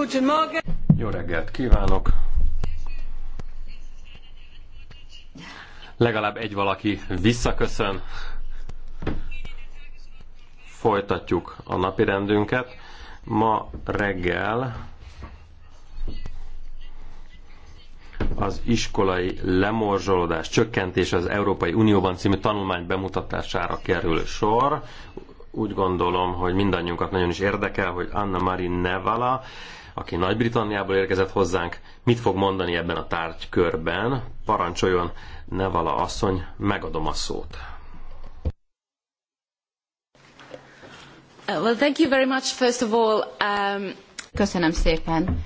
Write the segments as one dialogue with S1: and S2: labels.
S1: Guten Morgen. Jó reggelt kívánok. Legalább egy valaki visszaköszön. Folytatjuk a napi rendünket. Ma reggel az iskolai lemorzsolódás csökkentés az Európai Unióban című tanulmány bemutatására kerül sor úgy gondolom, hogy mindannyiunkat nagyon is érdekel, hogy Anna Marie Nevala aki Nagy-Britanniából érkezett hozzánk, mit fog mondani ebben a tárgykörben. Parancsoljon Nevala asszony, megadom a szót.
S2: Uh, well, thank you very much, first of all. Um... Köszönöm szépen.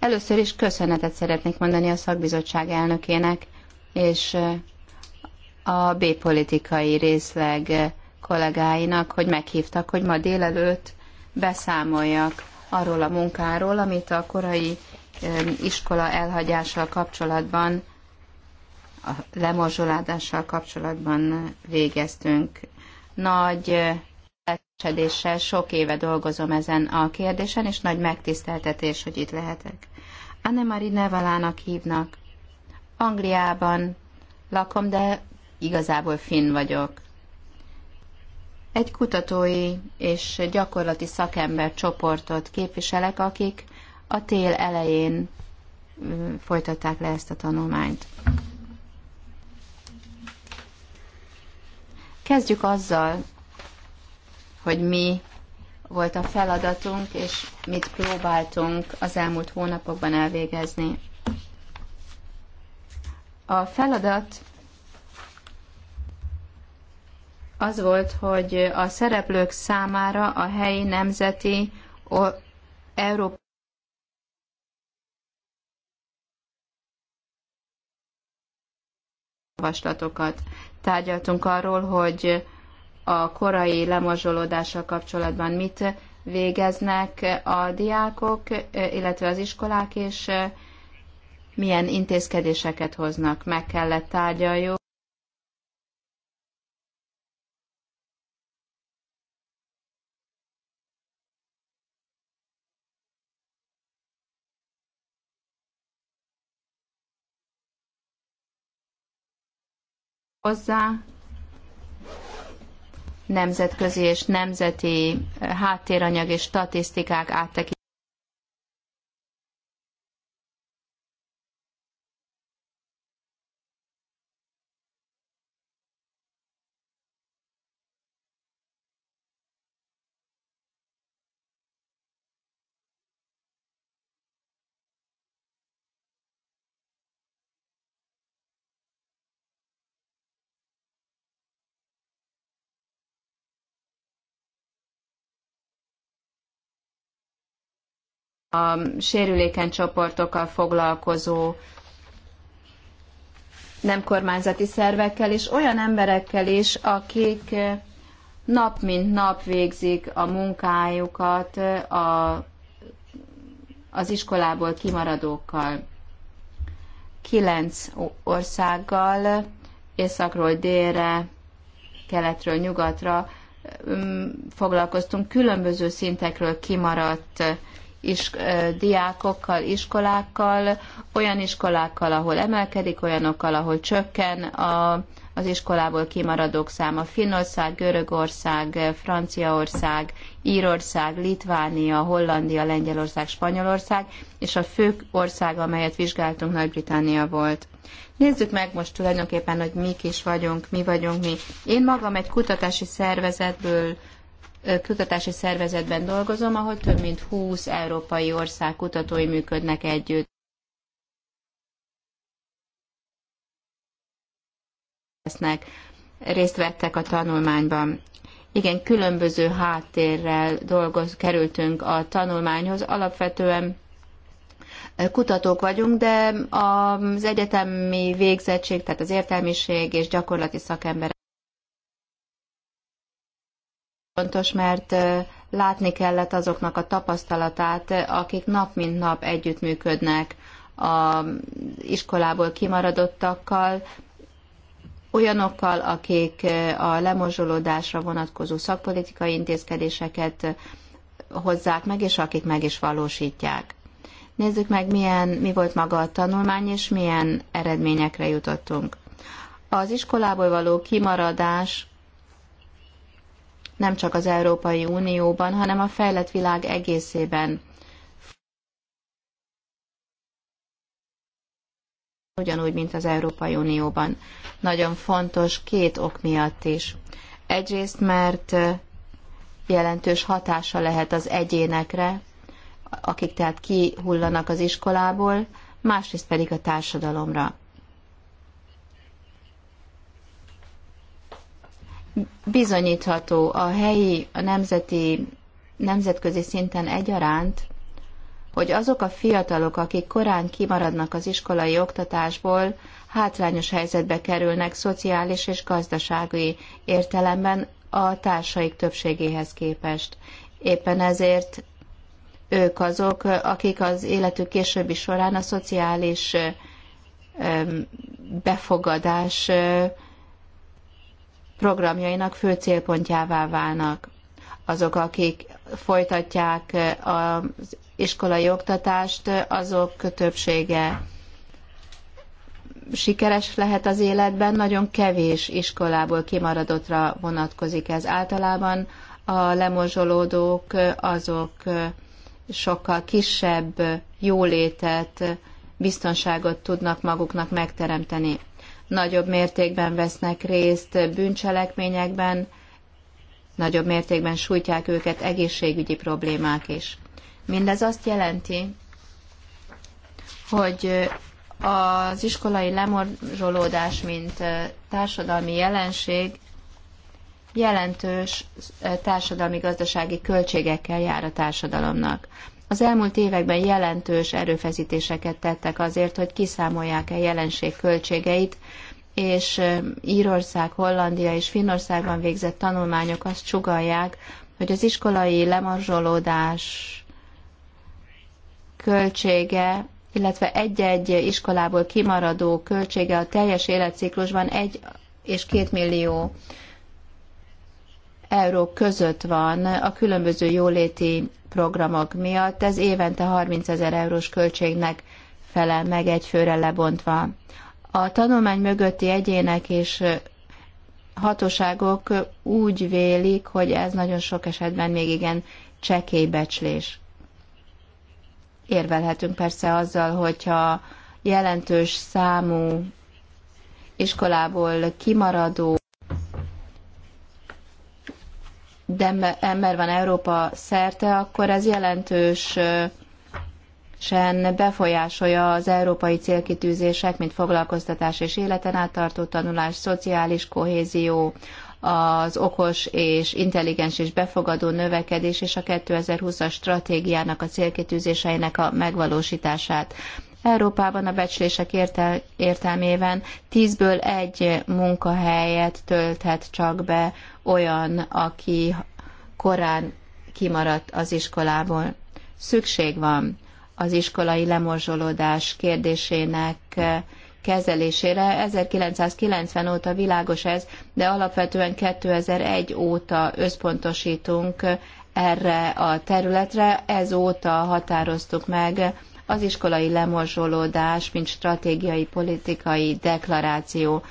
S2: Először is köszönetet szeretnék mondani a szakbizottság elnökének, és uh, a B-politikai részleg uh, kollégáinak, hogy meghívtak, hogy ma délelőtt beszámoljak arról a munkáról, amit a korai iskola elhagyással kapcsolatban, a lemorzsoládással kapcsolatban végeztünk. Nagy lelkesedéssel sok éve dolgozom ezen a kérdésen, és nagy megtiszteltetés, hogy itt lehetek. Anne-Marie Nevalának hívnak. Angliában lakom, de igazából finn vagyok. Egy kutatói és gyakorlati szakember csoportot képviselek, akik a tél elején folytatták le ezt a tanulmányt. Kezdjük azzal, hogy mi volt a feladatunk, és mit próbáltunk az elmúlt hónapokban elvégezni. A feladat az volt, hogy a szereplők számára a helyi nemzeti Európa javaslatokat. Tárgyaltunk arról, hogy a korai lemorzsolódással kapcsolatban mit végeznek a diákok, illetve az iskolák, és milyen intézkedéseket hoznak. Meg kellett tárgyaljuk hozzá nemzetközi és nemzeti háttéranyag és statisztikák áttekintéséhez. a sérülékeny csoportokkal foglalkozó nem kormányzati szervekkel, és olyan emberekkel is, akik nap mint nap végzik a munkájukat a, az iskolából kimaradókkal. Kilenc országgal, északról délre, keletről nyugatra mm, foglalkoztunk különböző szintekről kimaradt is, diákokkal, iskolákkal, olyan iskolákkal, ahol emelkedik, olyanokkal, ahol csökken a, az iskolából kimaradók száma. Finnország, Görögország, Franciaország, Írország, Litvánia, Hollandia, Lengyelország, Spanyolország, és a fő ország, amelyet vizsgáltunk, Nagy-Britannia volt. Nézzük meg most tulajdonképpen, hogy mik is vagyunk, mi vagyunk mi. Én magam egy kutatási szervezetből kutatási szervezetben dolgozom, ahol több mint 20 európai ország kutatói működnek együtt. részt vettek a tanulmányban. Igen, különböző háttérrel dolgoz, kerültünk a tanulmányhoz. Alapvetően kutatók vagyunk, de az egyetemi végzettség, tehát az értelmiség és gyakorlati szakember fontos, mert látni kellett azoknak a tapasztalatát, akik nap mint nap együttműködnek a iskolából kimaradottakkal, olyanokkal, akik a lemozsolódásra vonatkozó szakpolitikai intézkedéseket hozzák meg, és akik meg is valósítják. Nézzük meg, milyen, mi volt maga a tanulmány, és milyen eredményekre jutottunk. Az iskolából való kimaradás nem csak az Európai Unióban, hanem a fejlett világ egészében. Ugyanúgy, mint az Európai Unióban. Nagyon fontos két ok miatt is. Egyrészt, mert jelentős hatása lehet az egyénekre, akik tehát kihullanak az iskolából, másrészt pedig a társadalomra. bizonyítható a helyi, a nemzeti, nemzetközi szinten egyaránt, hogy azok a fiatalok, akik korán kimaradnak az iskolai oktatásból, hátrányos helyzetbe kerülnek szociális és gazdasági értelemben a társaik többségéhez képest. Éppen ezért ők azok, akik az életük későbbi során a szociális befogadás programjainak fő célpontjává válnak. Azok, akik folytatják eh, az iskolai oktatást, azok többsége sikeres lehet az életben, nagyon kevés iskolából kimaradottra vonatkozik ez. Általában a lemozsolódók eh, azok eh, sokkal kisebb jólétet, biztonságot tudnak maguknak megteremteni nagyobb mértékben vesznek részt bűncselekményekben, nagyobb mértékben sújtják őket egészségügyi problémák is. Mindez azt jelenti, hogy az iskolai lemorzsolódás, mint társadalmi jelenség jelentős társadalmi-gazdasági költségekkel jár a társadalomnak. Az elmúlt években jelentős erőfeszítéseket tettek azért, hogy kiszámolják a jelenség költségeit, és Írország, Hollandia és Finnországban végzett tanulmányok azt sugalják, hogy az iskolai lemarzsolódás költsége, illetve egy-egy iskolából kimaradó költsége a teljes életciklusban egy és két millió euró között van a különböző jóléti programok miatt. Ez évente 30 ezer eurós költségnek felel meg egy főre lebontva. A tanulmány mögötti egyének és hatóságok úgy vélik, hogy ez nagyon sok esetben még igen csekély becslés. Érvelhetünk persze azzal, hogyha jelentős számú iskolából kimaradó de ember van Európa szerte, akkor ez jelentősen befolyásolja az európai célkitűzések, mint foglalkoztatás és életen áttartó tanulás, szociális kohézió, az okos és intelligens és befogadó növekedés és a 2020-as stratégiának a célkitűzéseinek a megvalósítását. Európában a becslések értel- értelmében 10-ből egy munkahelyet tölthet csak be olyan, aki korán kimaradt az iskolából. Szükség van az iskolai lemorzsolódás kérdésének kezelésére. 1990 óta világos ez, de alapvetően 2001 óta összpontosítunk erre a területre. Ezóta határoztuk meg az iskolai lemorzsolódás, mint stratégiai politikai deklaráció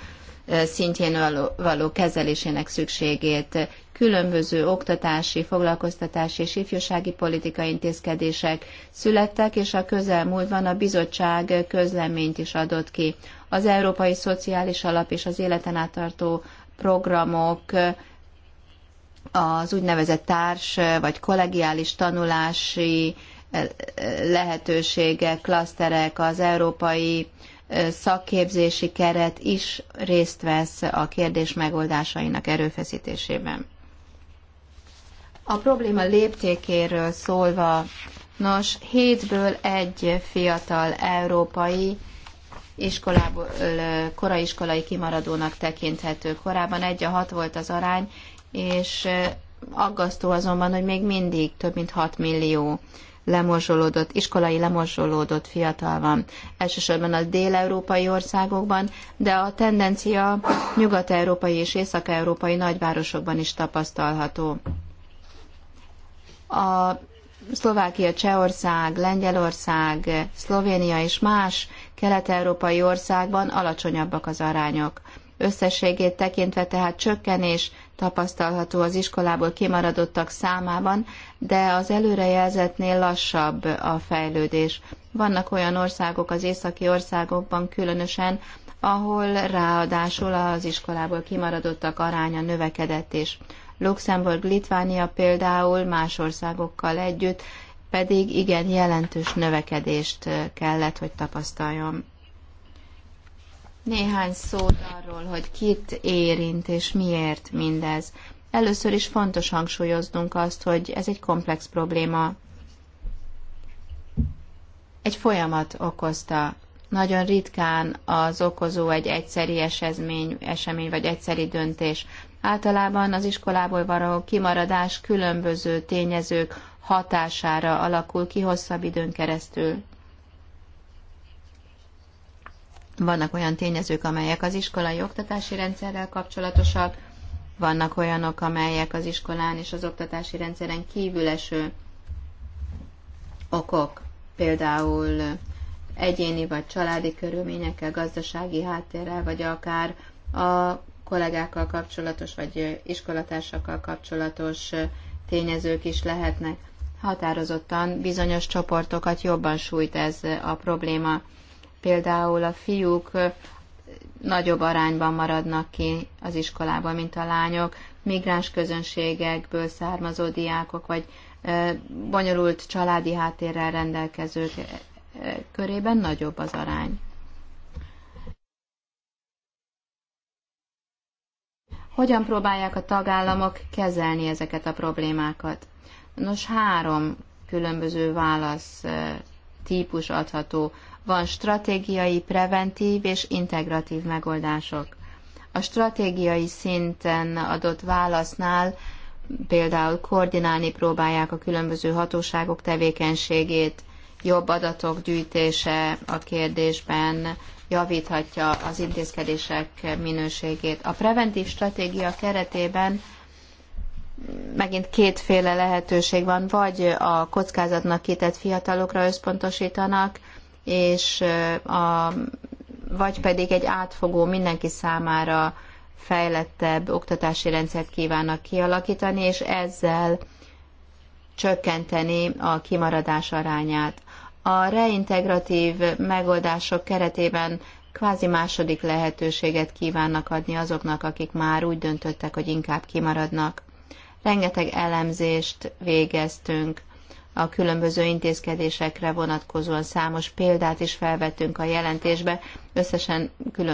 S2: szintjén való kezelésének szükségét, különböző oktatási, foglalkoztatási és ifjúsági politikai intézkedések születtek, és a közelmúltban a bizottság közleményt is adott ki. Az Európai Szociális Alap és az életen átartó programok az úgynevezett társ vagy kollegiális tanulási lehetőségek, klaszterek, az európai szakképzési keret is részt vesz a kérdés megoldásainak erőfeszítésében. A probléma léptékéről szólva, nos, hétből egy fiatal európai iskolából, iskolai kimaradónak tekinthető. Korábban egy a hat volt az arány, és aggasztó azonban, hogy még mindig több mint 6 millió lemorzsolódott, iskolai lemorzsolódott fiatal van. Elsősorban a dél-európai országokban, de a tendencia nyugat-európai és észak-európai nagyvárosokban is tapasztalható. A Szlovákia, Csehország, Lengyelország, Szlovénia és más kelet-európai országban alacsonyabbak az arányok. Összességét tekintve tehát csökkenés tapasztalható az iskolából kimaradottak számában, de az előrejelzetnél lassabb a fejlődés. Vannak olyan országok az északi országokban különösen, ahol ráadásul az iskolából kimaradottak aránya növekedett is. Luxemburg, Litvánia például más országokkal együtt pedig igen jelentős növekedést kellett, hogy tapasztaljon. Néhány szót arról, hogy kit érint és miért mindez. Először is fontos hangsúlyoznunk azt, hogy ez egy komplex probléma. Egy folyamat okozta. Nagyon ritkán az okozó egy egyszeri esemény, esemény vagy egyszeri döntés. Általában az iskolából való kimaradás különböző tényezők hatására alakul ki hosszabb időn keresztül. Vannak olyan tényezők, amelyek az iskolai oktatási rendszerrel kapcsolatosak, vannak olyanok, amelyek az iskolán és az oktatási rendszeren kívül eső okok, például egyéni vagy családi körülményekkel, gazdasági háttérrel, vagy akár a kollégákkal kapcsolatos, vagy iskolatársakkal kapcsolatos tényezők is lehetnek. Határozottan bizonyos csoportokat jobban sújt ez a probléma. Például a fiúk nagyobb arányban maradnak ki az iskolában, mint a lányok, migráns közönségekből származó diákok, vagy bonyolult családi háttérrel rendelkezők körében nagyobb az arány. Hogyan próbálják a tagállamok kezelni ezeket a problémákat? Nos, három különböző válasz típus adható van stratégiai, preventív és integratív megoldások. A stratégiai szinten adott válasznál például koordinálni próbálják a különböző hatóságok tevékenységét, jobb adatok gyűjtése a kérdésben javíthatja az intézkedések minőségét. A preventív stratégia keretében megint kétféle lehetőség van, vagy a kockázatnak kitett fiatalokra összpontosítanak, és a, vagy pedig egy átfogó, mindenki számára fejlettebb oktatási rendszert kívánnak kialakítani, és ezzel csökkenteni a kimaradás arányát. A reintegratív megoldások keretében kvázi második lehetőséget kívánnak adni azoknak, akik már úgy döntöttek, hogy inkább kimaradnak. Rengeteg elemzést végeztünk a különböző intézkedésekre vonatkozóan számos példát is felvettünk a jelentésbe. Összesen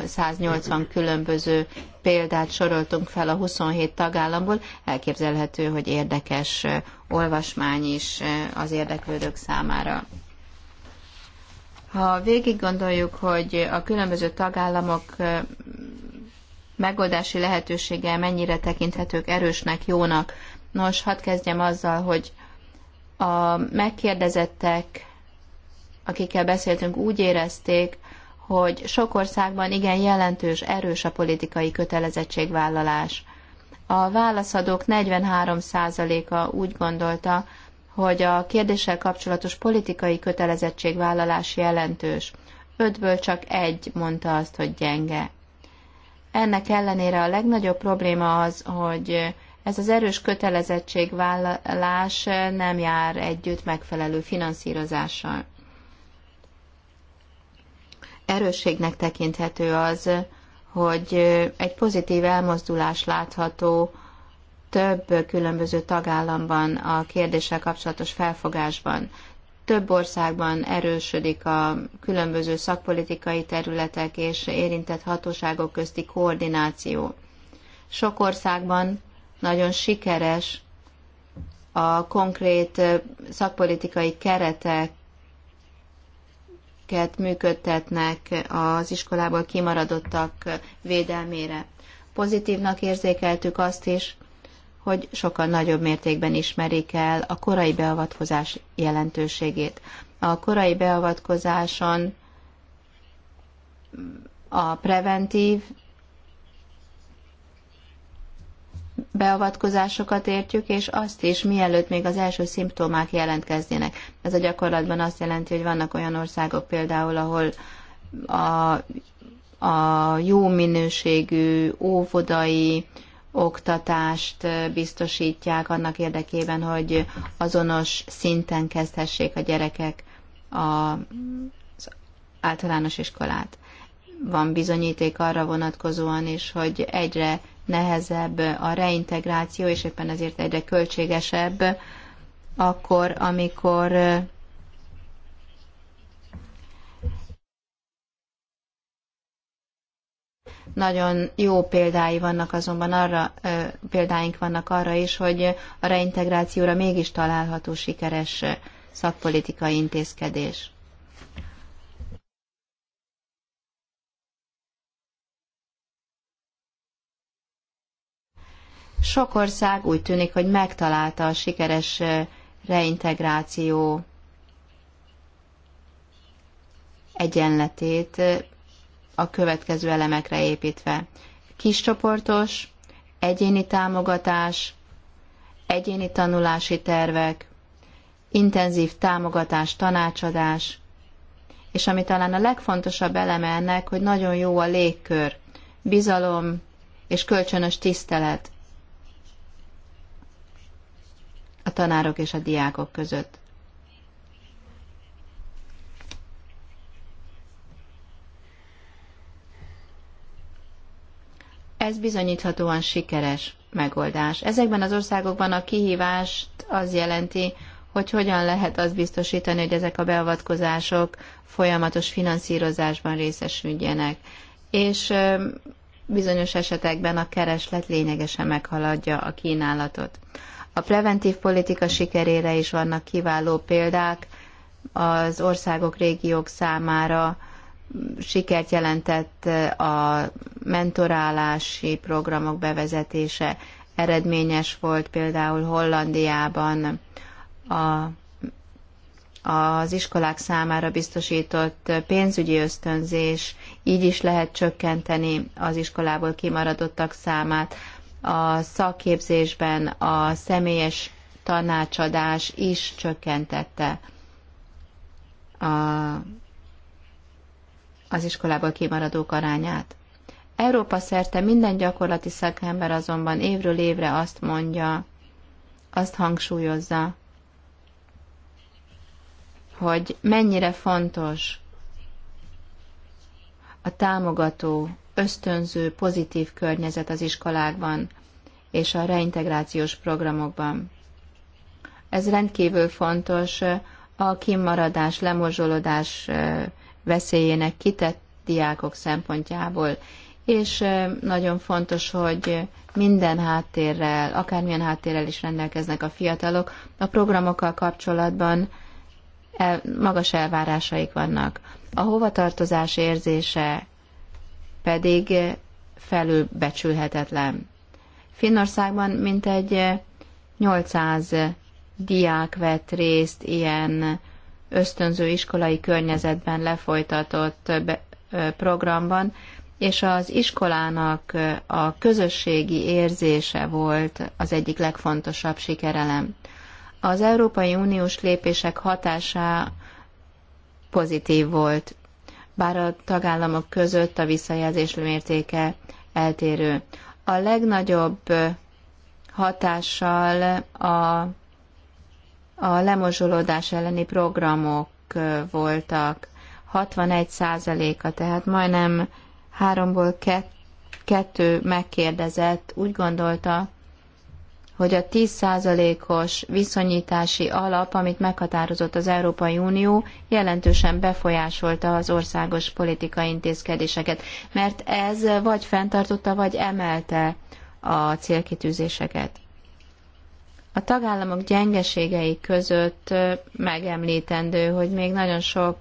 S2: 180 különböző példát soroltunk fel a 27 tagállamból. Elképzelhető, hogy érdekes olvasmány is az érdeklődők számára. Ha végig gondoljuk, hogy a különböző tagállamok megoldási lehetősége mennyire tekinthetők erősnek, jónak, nos, hadd kezdjem azzal, hogy a megkérdezettek, akikkel beszéltünk, úgy érezték, hogy sok országban igen jelentős, erős a politikai kötelezettségvállalás. A válaszadók 43%-a úgy gondolta, hogy a kérdéssel kapcsolatos politikai kötelezettségvállalás jelentős. Ötből csak egy mondta azt, hogy gyenge. Ennek ellenére a legnagyobb probléma az, hogy ez az erős kötelezettségvállalás nem jár együtt megfelelő finanszírozással. Erősségnek tekinthető az, hogy egy pozitív elmozdulás látható több különböző tagállamban a kérdéssel kapcsolatos felfogásban. Több országban erősödik a különböző szakpolitikai területek és érintett hatóságok közti koordináció. Sok országban nagyon sikeres a konkrét szakpolitikai kereteket működtetnek az iskolából kimaradottak védelmére. Pozitívnak érzékeltük azt is, hogy sokkal nagyobb mértékben ismerik el a korai beavatkozás jelentőségét. A korai beavatkozáson a preventív beavatkozásokat értjük, és azt is, mielőtt még az első szimptomák jelentkeznének. Ez a gyakorlatban azt jelenti, hogy vannak olyan országok például, ahol a, a jó minőségű óvodai oktatást biztosítják annak érdekében, hogy azonos szinten kezdhessék a gyerekek az általános iskolát. Van bizonyíték arra vonatkozóan is, hogy egyre nehezebb a reintegráció, és éppen ezért egyre költségesebb, akkor, amikor nagyon jó példái vannak azonban arra, példáink vannak arra is, hogy a reintegrációra mégis található sikeres szakpolitikai intézkedés. Sok ország úgy tűnik, hogy megtalálta a sikeres reintegráció egyenletét a következő elemekre építve. Kiscsoportos, egyéni támogatás, egyéni tanulási tervek, intenzív támogatás, tanácsadás, és ami talán a legfontosabb eleme ennek, hogy nagyon jó a légkör, bizalom és kölcsönös tisztelet. a tanárok és a diákok között. Ez bizonyíthatóan sikeres megoldás. Ezekben az országokban a kihívást az jelenti, hogy hogyan lehet azt biztosítani, hogy ezek a beavatkozások folyamatos finanszírozásban részesüljenek. És bizonyos esetekben a kereslet lényegesen meghaladja a kínálatot. A preventív politika sikerére is vannak kiváló példák, az országok, régiók számára sikert jelentett a mentorálási programok bevezetése. Eredményes volt például Hollandiában a, az iskolák számára biztosított pénzügyi ösztönzés, így is lehet csökkenteni az iskolából kimaradottak számát a szakképzésben a személyes tanácsadás is csökkentette a, az iskolából kimaradók arányát. Európa szerte minden gyakorlati szakember azonban évről évre azt mondja, azt hangsúlyozza, hogy mennyire fontos a támogató, ösztönző, pozitív környezet az iskolákban és a reintegrációs programokban. Ez rendkívül fontos a kimaradás, lemorzsolódás veszélyének kitett diákok szempontjából, és nagyon fontos, hogy minden háttérrel, akármilyen háttérrel is rendelkeznek a fiatalok, a programokkal kapcsolatban magas elvárásaik vannak. A hovatartozás érzése pedig felülbecsülhetetlen. Finnországban mintegy 800 diák vett részt ilyen ösztönző iskolai környezetben lefolytatott programban, és az iskolának a közösségi érzése volt az egyik legfontosabb sikerelem. Az Európai Uniós lépések hatása pozitív volt, bár a tagállamok között a visszajelzés mértéke eltérő. A legnagyobb hatással a, a lemozsolódás elleni programok voltak. 61 százaléka, tehát majdnem háromból kettő megkérdezett úgy gondolta, hogy a 10%-os viszonyítási alap, amit meghatározott az Európai Unió, jelentősen befolyásolta az országos politikai intézkedéseket, mert ez vagy fenntartotta, vagy emelte a célkitűzéseket. A tagállamok gyengeségei között megemlítendő, hogy még nagyon sok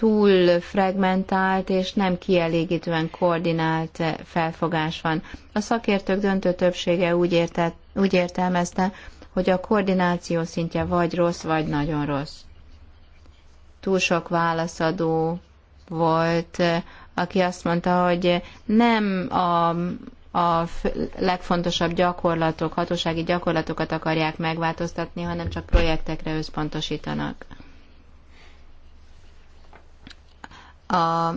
S2: túl fragmentált és nem kielégítően koordinált felfogás van. A szakértők döntő többsége úgy, értett, úgy értelmezte, hogy a koordináció szintje vagy rossz, vagy nagyon rossz. Túl sok válaszadó volt, aki azt mondta, hogy nem a, a legfontosabb gyakorlatok, hatósági gyakorlatokat akarják megváltoztatni, hanem csak projektekre összpontosítanak. a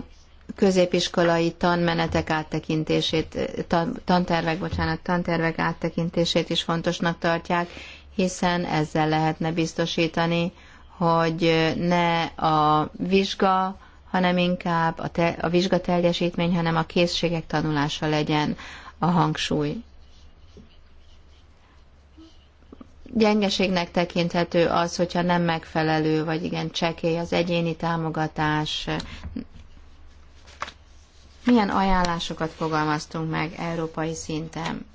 S2: középiskolai tanmenetek áttekintését, tan, tantervek, bocsánat, tantervek áttekintését is fontosnak tartják, hiszen ezzel lehetne biztosítani, hogy ne a vizsga, hanem inkább a, te, a vizsga hanem a készségek tanulása legyen a hangsúly. Gyengeségnek tekinthető az, hogyha nem megfelelő, vagy igen csekély az egyéni támogatás. Milyen ajánlásokat fogalmaztunk meg európai szinten?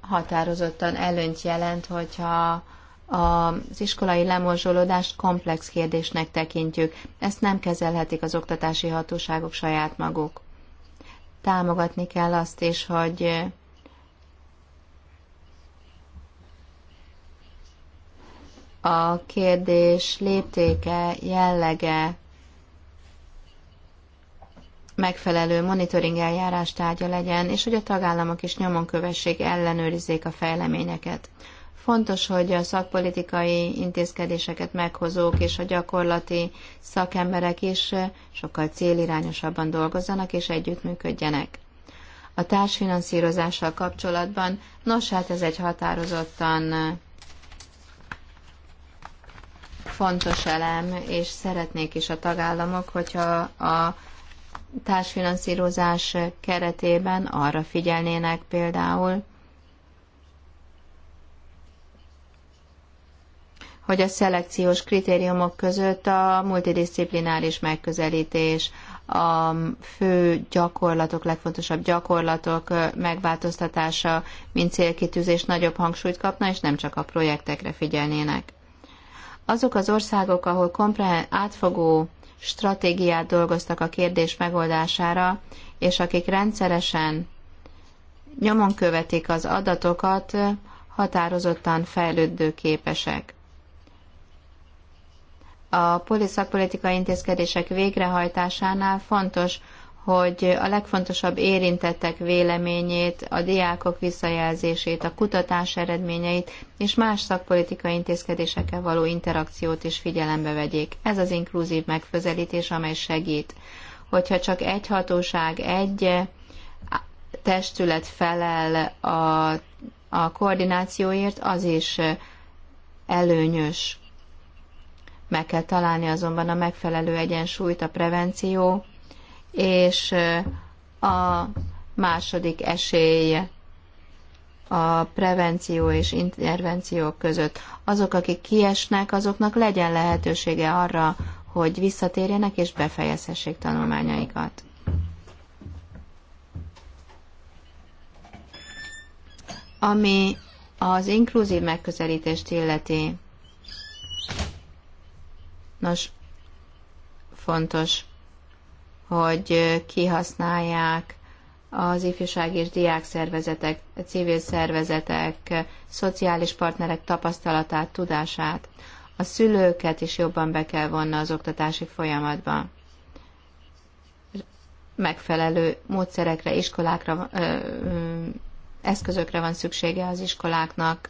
S2: Határozottan előnyt jelent, hogyha az iskolai lemorzsolódást komplex kérdésnek tekintjük. Ezt nem kezelhetik az oktatási hatóságok saját maguk támogatni kell azt is, hogy eh, a kérdés léptéke, jellege megfelelő monitoring eljárás tárgya legyen, és hogy a tagállamok is nyomon kövessék, ellenőrizzék a fejleményeket. Fontos, hogy a szakpolitikai intézkedéseket meghozók és a gyakorlati szakemberek is sokkal célirányosabban dolgozzanak és együttműködjenek. A társfinanszírozással kapcsolatban, nos hát ez egy határozottan fontos elem, és szeretnék is a tagállamok, hogyha a társfinanszírozás keretében arra figyelnének például, hogy a szelekciós kritériumok között a multidisziplináris megközelítés, a fő gyakorlatok, legfontosabb gyakorlatok megváltoztatása, mint célkitűzés nagyobb hangsúlyt kapna, és nem csak a projektekre figyelnének. Azok az országok, ahol komprehen átfogó stratégiát dolgoztak a kérdés megoldására, és akik rendszeresen nyomon követik az adatokat, határozottan fejlődő képesek a poliszakpolitikai intézkedések végrehajtásánál fontos, hogy a legfontosabb érintettek véleményét, a diákok visszajelzését, a kutatás eredményeit és más szakpolitikai intézkedésekkel való interakciót is figyelembe vegyék. Ez az inkluzív megközelítés, amely segít. Hogyha csak egy hatóság, egy testület felel a, a koordinációért, az is előnyös meg kell találni azonban a megfelelő egyensúlyt a prevenció és a második esély a prevenció és intervenció között. Azok, akik kiesnek, azoknak legyen lehetősége arra, hogy visszatérjenek és befejezhessék tanulmányaikat. Ami az inkluzív megközelítést illeti, Nos, fontos, hogy kihasználják az ifjúság és diák szervezetek, civil szervezetek, szociális partnerek tapasztalatát, tudását. A szülőket is jobban be kell vonna az oktatási folyamatba. Megfelelő módszerekre, iskolákra, ö, ö, eszközökre van szüksége az iskoláknak,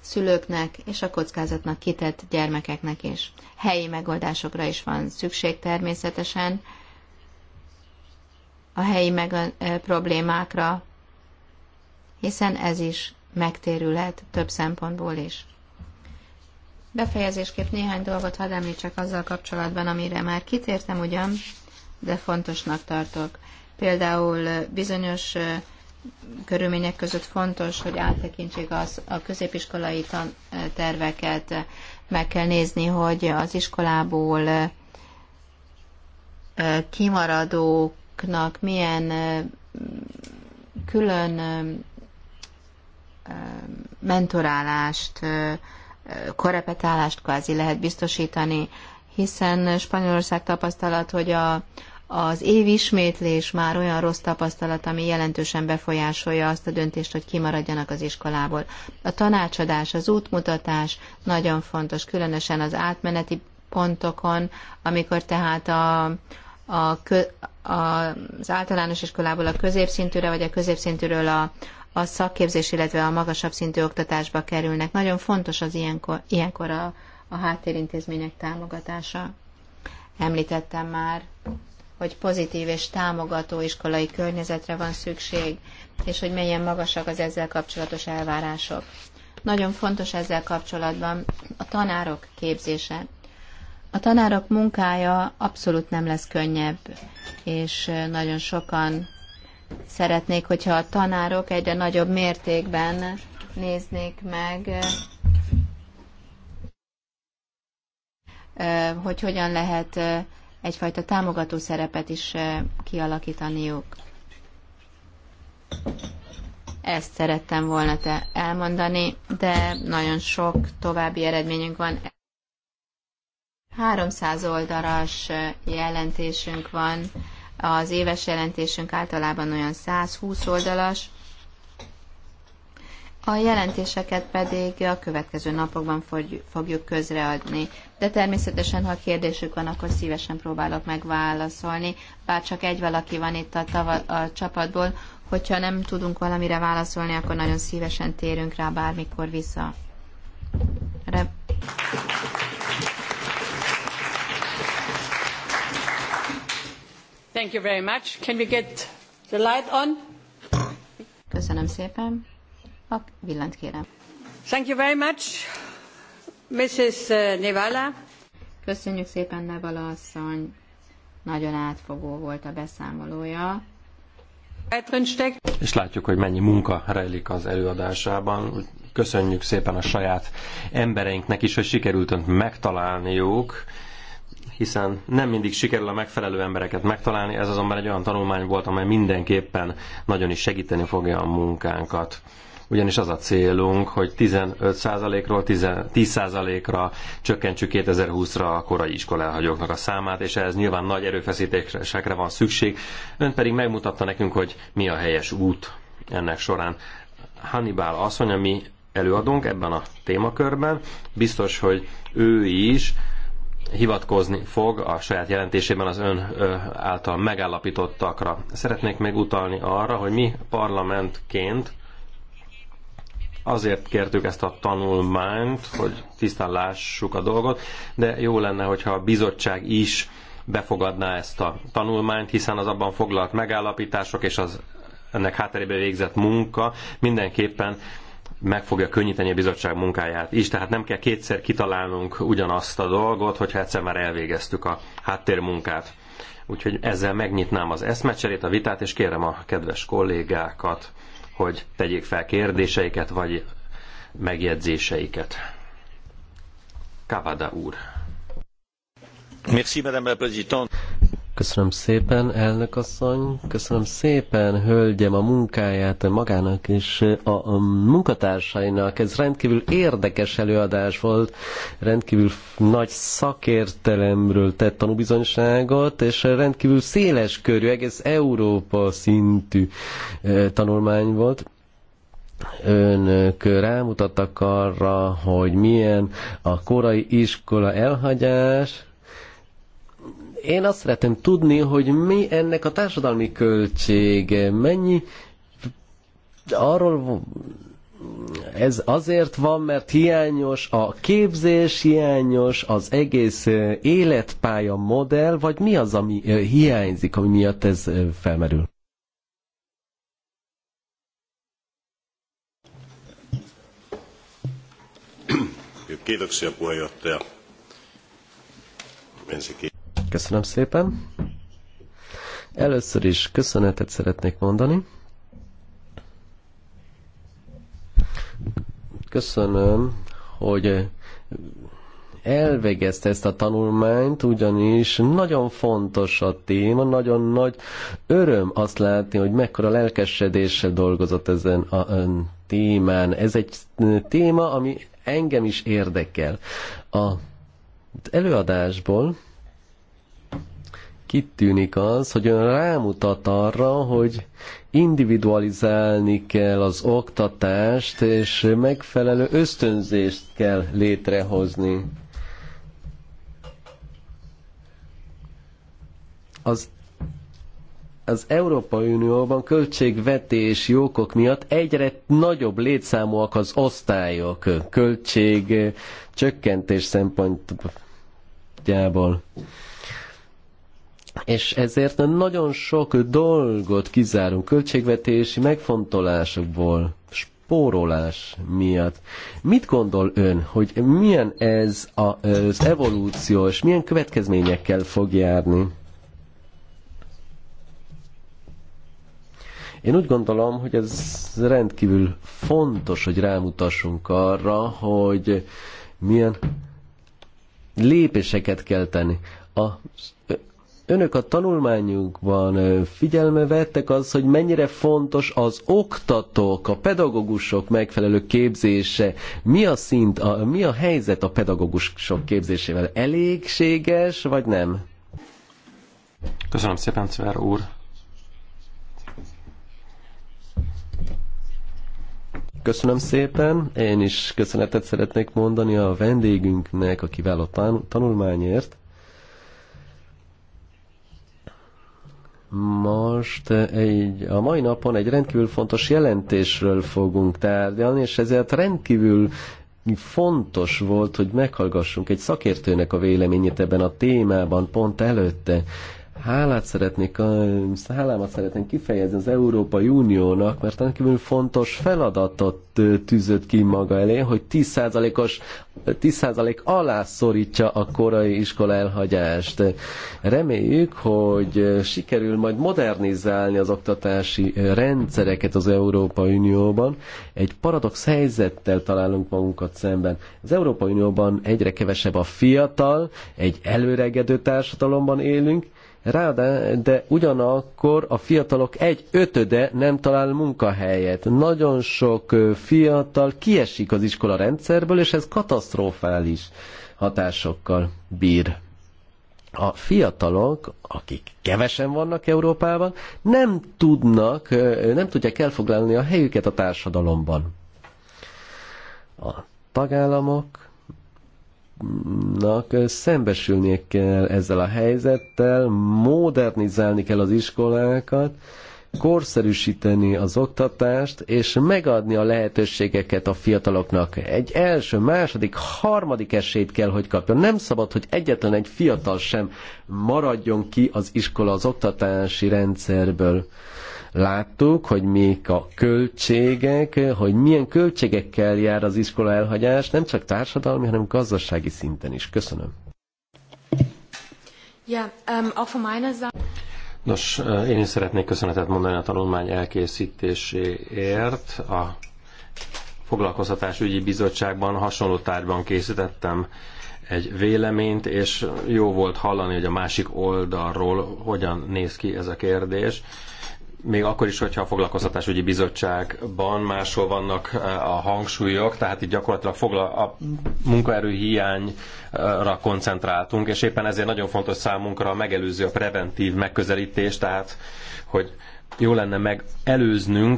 S2: szülőknek és a kockázatnak kitett gyermekeknek is. Helyi megoldásokra is van szükség természetesen, a helyi meg, problémákra, hiszen ez is megtérülhet több szempontból is. Befejezésképp néhány dolgot hadd említsek azzal kapcsolatban, amire már kitértem ugyan, de fontosnak tartok. Például bizonyos körülmények között fontos, hogy áttekintsék az, a középiskolai tan- terveket, meg kell nézni, hogy az iskolából kimaradóknak milyen külön mentorálást, korepetálást kvázi lehet biztosítani, hiszen Spanyolország tapasztalat, hogy a, az ismétlés már olyan rossz tapasztalat, ami jelentősen befolyásolja azt a döntést, hogy kimaradjanak az iskolából. A tanácsadás, az útmutatás nagyon fontos, különösen az átmeneti pontokon, amikor tehát a, a, kö, a, az általános iskolából a középszintűre, vagy a középszintűről a, a szakképzés, illetve a magasabb szintű oktatásba kerülnek. Nagyon fontos az ilyenkor, ilyenkor a, a háttérintézmények támogatása. Említettem már hogy pozitív és támogató iskolai környezetre van szükség, és hogy milyen magasak az ezzel kapcsolatos elvárások. Nagyon fontos ezzel kapcsolatban a tanárok képzése. A tanárok munkája abszolút nem lesz könnyebb, és nagyon sokan szeretnék, hogyha a tanárok egyre nagyobb mértékben néznék meg, hogy hogyan lehet egyfajta támogató szerepet is eh, kialakítaniuk. Ezt szerettem volna te elmondani, de nagyon sok további eredményünk van. 300 oldalas eh, jelentésünk van, az éves jelentésünk általában olyan 120 oldalas, a jelentéseket pedig a következő napokban fogjuk közreadni de természetesen, ha kérdésük van, akkor szívesen próbálok megválaszolni. Bár csak egy valaki van itt a, tava- a csapatból, hogyha nem tudunk valamire válaszolni, akkor nagyon szívesen térünk rá bármikor vissza. Re- Thank you very much. Can we get the light on? Köszönöm szépen. A villant kérem. Thank you very
S1: much. Mrs.
S2: Eh, Nevala. Köszönjük szépen, Nevala asszony. Nagyon átfogó volt a beszámolója.
S1: És látjuk, hogy mennyi munka rejlik az előadásában. Köszönjük szépen a saját embereinknek is, hogy sikerült önt megtalálniuk hiszen nem mindig sikerül a megfelelő embereket megtalálni, ez azonban egy olyan tanulmány volt, amely mindenképpen nagyon is segíteni fogja a munkánkat ugyanis az a célunk, hogy 15%-ról 10%-ra csökkentsük 2020-ra a korai iskolahagyóknak a számát, és ehhez nyilván nagy erőfeszítésekre van szükség. Ön pedig megmutatta nekünk, hogy mi a helyes út ennek során. Hannibal asszony, ami előadunk ebben a témakörben, biztos, hogy ő is hivatkozni fog a saját jelentésében az ön által megállapítottakra. Szeretnék megutalni arra, hogy mi parlamentként azért kértük ezt a tanulmányt, hogy tisztán lássuk a dolgot, de jó lenne, hogyha a bizottság is befogadná ezt a tanulmányt, hiszen az abban foglalt megállapítások és az ennek hátterében végzett munka mindenképpen meg fogja könnyíteni a bizottság munkáját is, tehát nem kell kétszer kitalálnunk ugyanazt a dolgot, hogyha egyszer már elvégeztük a háttérmunkát. Úgyhogy ezzel megnyitnám az eszmecserét, a vitát, és kérem a kedves kollégákat, hogy tegyék fel kérdéseiket, vagy megjegyzéseiket. Kavada úr. Merci, Madame la Présidente.
S3: Köszönöm szépen, elnök asszony. Köszönöm szépen, hölgyem, a munkáját magának és a munkatársainak. Ez rendkívül érdekes előadás volt, rendkívül nagy szakértelemről tett tanúbizonyságot, és rendkívül széles körű, egész Európa szintű e, tanulmány volt önök rámutattak arra, hogy milyen a korai iskola elhagyás, én azt szeretem tudni, hogy mi ennek a társadalmi költsége, mennyi arról ez azért van, mert hiányos a képzés, hiányos az egész életpálya modell, vagy mi az, ami hiányzik, ami miatt ez felmerül?
S1: Kiitoksia puheenjohtaja. Ensinnäkin
S3: Köszönöm szépen. Először is köszönetet szeretnék mondani. Köszönöm, hogy elvégezte ezt a tanulmányt, ugyanis nagyon fontos a téma, nagyon nagy öröm azt látni, hogy mekkora lelkesedéssel dolgozott ezen a, ön témán. Ez egy téma, ami engem is érdekel. A előadásból kitűnik az, hogy ön rámutat arra, hogy individualizálni kell az oktatást, és megfelelő ösztönzést kell létrehozni. Az az Európai Unióban költségvetési okok miatt egyre nagyobb létszámúak az osztályok költség csökkentés szempontjából és ezért nagyon sok dolgot kizárunk költségvetési megfontolásokból, spórolás miatt. Mit gondol ön, hogy milyen ez a, az evolúció, és milyen következményekkel fog járni? Én úgy gondolom, hogy ez rendkívül fontos, hogy rámutassunk arra, hogy milyen lépéseket kell tenni. Az Önök a tanulmányukban figyelme vettek az, hogy mennyire fontos az oktatók, a pedagógusok megfelelő képzése. Mi a szint, a, mi a helyzet a pedagógusok képzésével? Elégséges, vagy nem? Köszönöm szépen, Czver úr. Köszönöm szépen, én is köszönetet szeretnék mondani a vendégünknek a kiváló tanulmányért. Most eh, egy, a mai napon egy rendkívül fontos jelentésről fogunk tárgyalni, és ezért rendkívül fontos volt, hogy meghallgassunk egy szakértőnek a véleményét ebben a témában pont előtte hálát szeretnék, hálámat szeretném kifejezni az Európai Uniónak, mert rendkívül fontos feladatot tűzött ki maga elé, hogy 10%-os 10% alá szorítja a korai iskola elhagyást. Reméljük, hogy sikerül majd modernizálni az oktatási rendszereket az Európai Unióban. Egy paradox helyzettel találunk magunkat szemben. Az Európai Unióban egyre kevesebb a fiatal, egy előregedő társadalomban élünk, Ráadá, de ugyanakkor a fiatalok egy ötöde nem talál munkahelyet. Nagyon sok fiatal kiesik az iskola rendszerből, és ez katasztrofális hatásokkal bír. A fiatalok, akik kevesen vannak Európában, nem tudnak, nem tudják elfoglalni a helyüket a társadalomban. A tagállamok szembesülnie kell ezzel a helyzettel, modernizálni kell az iskolákat, korszerűsíteni az oktatást, és megadni a lehetőségeket a fiataloknak. Egy első, második, harmadik esélyt kell, hogy kapjon. Nem szabad, hogy egyetlen egy fiatal sem maradjon ki az iskola az oktatási rendszerből láttuk, hogy mik a költségek, hogy milyen költségekkel jár az iskola elhagyás, nem csak társadalmi, hanem gazdasági szinten is. Köszönöm.
S2: Ja, um,
S3: Nos, uh, én is szeretnék köszönetet mondani a tanulmány
S1: elkészítéséért. A foglalkoztatás bizottságban hasonló tárgyban készítettem egy véleményt, és jó volt hallani, hogy a másik oldalról hogyan néz ki ez a kérdés még akkor is, hogyha a foglalkoztatásügyi bizottságban máshol vannak eh, a hangsúlyok, tehát itt gyakorlatilag fogla- a munkaerő hiányra koncentráltunk, és éppen ezért nagyon fontos számunkra a megelőző, a preventív megközelítés, tehát hogy jó lenne meg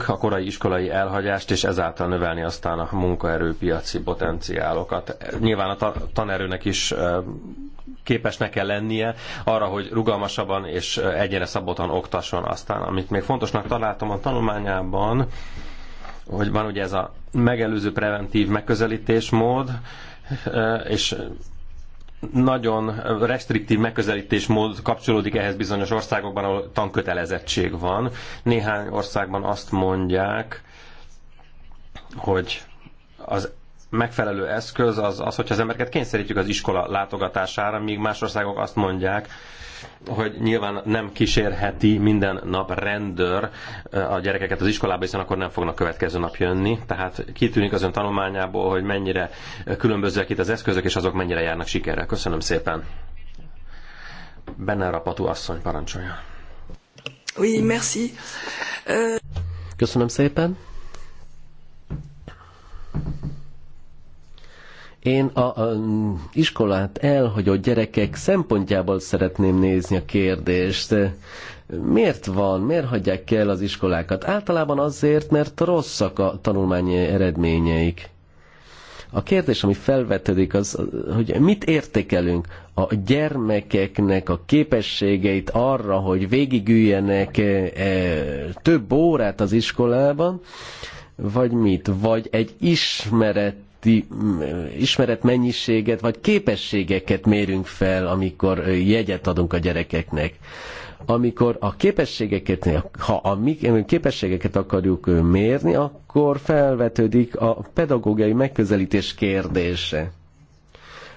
S1: a korai iskolai elhagyást, és ezáltal növelni aztán a munkaerőpiaci potenciálokat. Nyilván a tanerőnek is képesnek kell lennie arra, hogy rugalmasabban és egyéne szabotan oktasson aztán. Amit még fontosnak találtam a tanulmányában, hogy van ugye ez a megelőző preventív megközelítésmód, és nagyon restriktív megközelítésmód kapcsolódik ehhez bizonyos országokban, ahol tankötelezettség van. Néhány országban azt mondják, hogy az megfelelő eszköz az, az hogyha az embereket kényszerítjük az iskola látogatására, míg más országok azt mondják, hogy nyilván nem kísérheti minden nap rendőr eh, a gyerekeket az iskolába, hiszen akkor nem fognak következő nap jönni. Tehát kitűnik az ön tanulmányából, hogy mennyire különbözőek itt az eszközök, és azok mennyire járnak sikerrel. Köszönöm szépen. Benne Rapatú asszony parancsolja.
S3: Oui, merci. Euh, Köszönöm szépen. Én a, a iskolát elhagyott gyerekek szempontjából szeretném nézni a kérdést. Miért van, miért hagyják el az iskolákat? Általában azért, mert rosszak a tanulmányi eredményeik. A kérdés, ami felvetődik, az, hogy mit értékelünk a gyermekeknek a képességeit arra, hogy végigüljenek e, több órát az iskolában, vagy mit? Vagy egy ismeret Mm, ismeretmennyiséget vagy képességeket mérünk fel, amikor jegyet adunk a gyerekeknek. Amikor a képességeket, ha a mi képességeket akarjuk mérni, akkor felvetődik a pedagógiai megközelítés kérdése.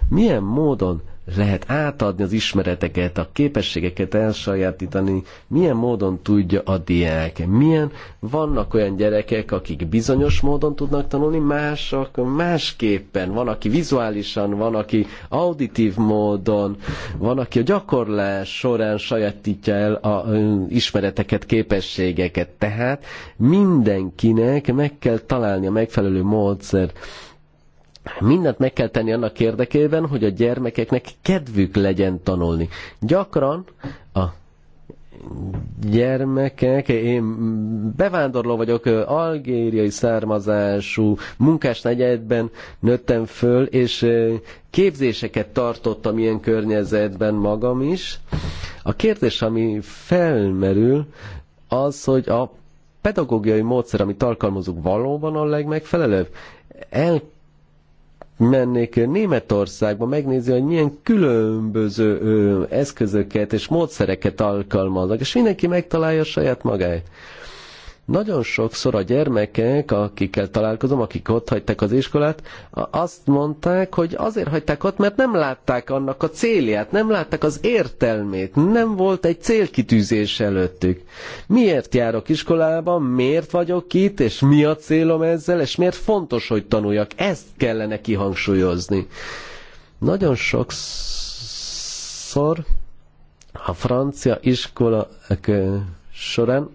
S3: Milyen módon lehet átadni az ismereteket, a képességeket elsajátítani, milyen módon tudja a diák, milyen vannak olyan gyerekek, akik bizonyos módon tudnak tanulni, mások másképpen, van, aki vizuálisan, van, aki auditív módon, van, aki a gyakorlás során sajátítja el a ismereteket, képességeket. Tehát mindenkinek meg kell találni a megfelelő módszer mindent meg kell tenni annak érdekében, hogy a gyermekeknek kedvük legyen tanulni. Gyakran a gyermekek, én bevándorló vagyok, algériai származású, munkás negyedben nőttem föl, és képzéseket tartottam ilyen környezetben magam is. A kérdés, ami felmerül, az, hogy a pedagógiai módszer, amit alkalmazunk, valóban a legmegfelelőbb. El mennék Németországba megnézni, hogy milyen különböző ö, eszközöket és módszereket alkalmaznak, és mindenki megtalálja a saját magáit. Nagyon sokszor a gyermekek, akikkel találkozom, akik ott hagyták az iskolát, azt mondták, hogy azért hagyták ott, mert nem látták annak a célját, nem látták az értelmét, nem volt egy célkitűzés előttük. Miért járok iskolába, miért vagyok itt, és mi a célom ezzel, és miért fontos, hogy tanuljak. Ezt kellene kihangsúlyozni. Nagyon sokszor a francia iskola eh, során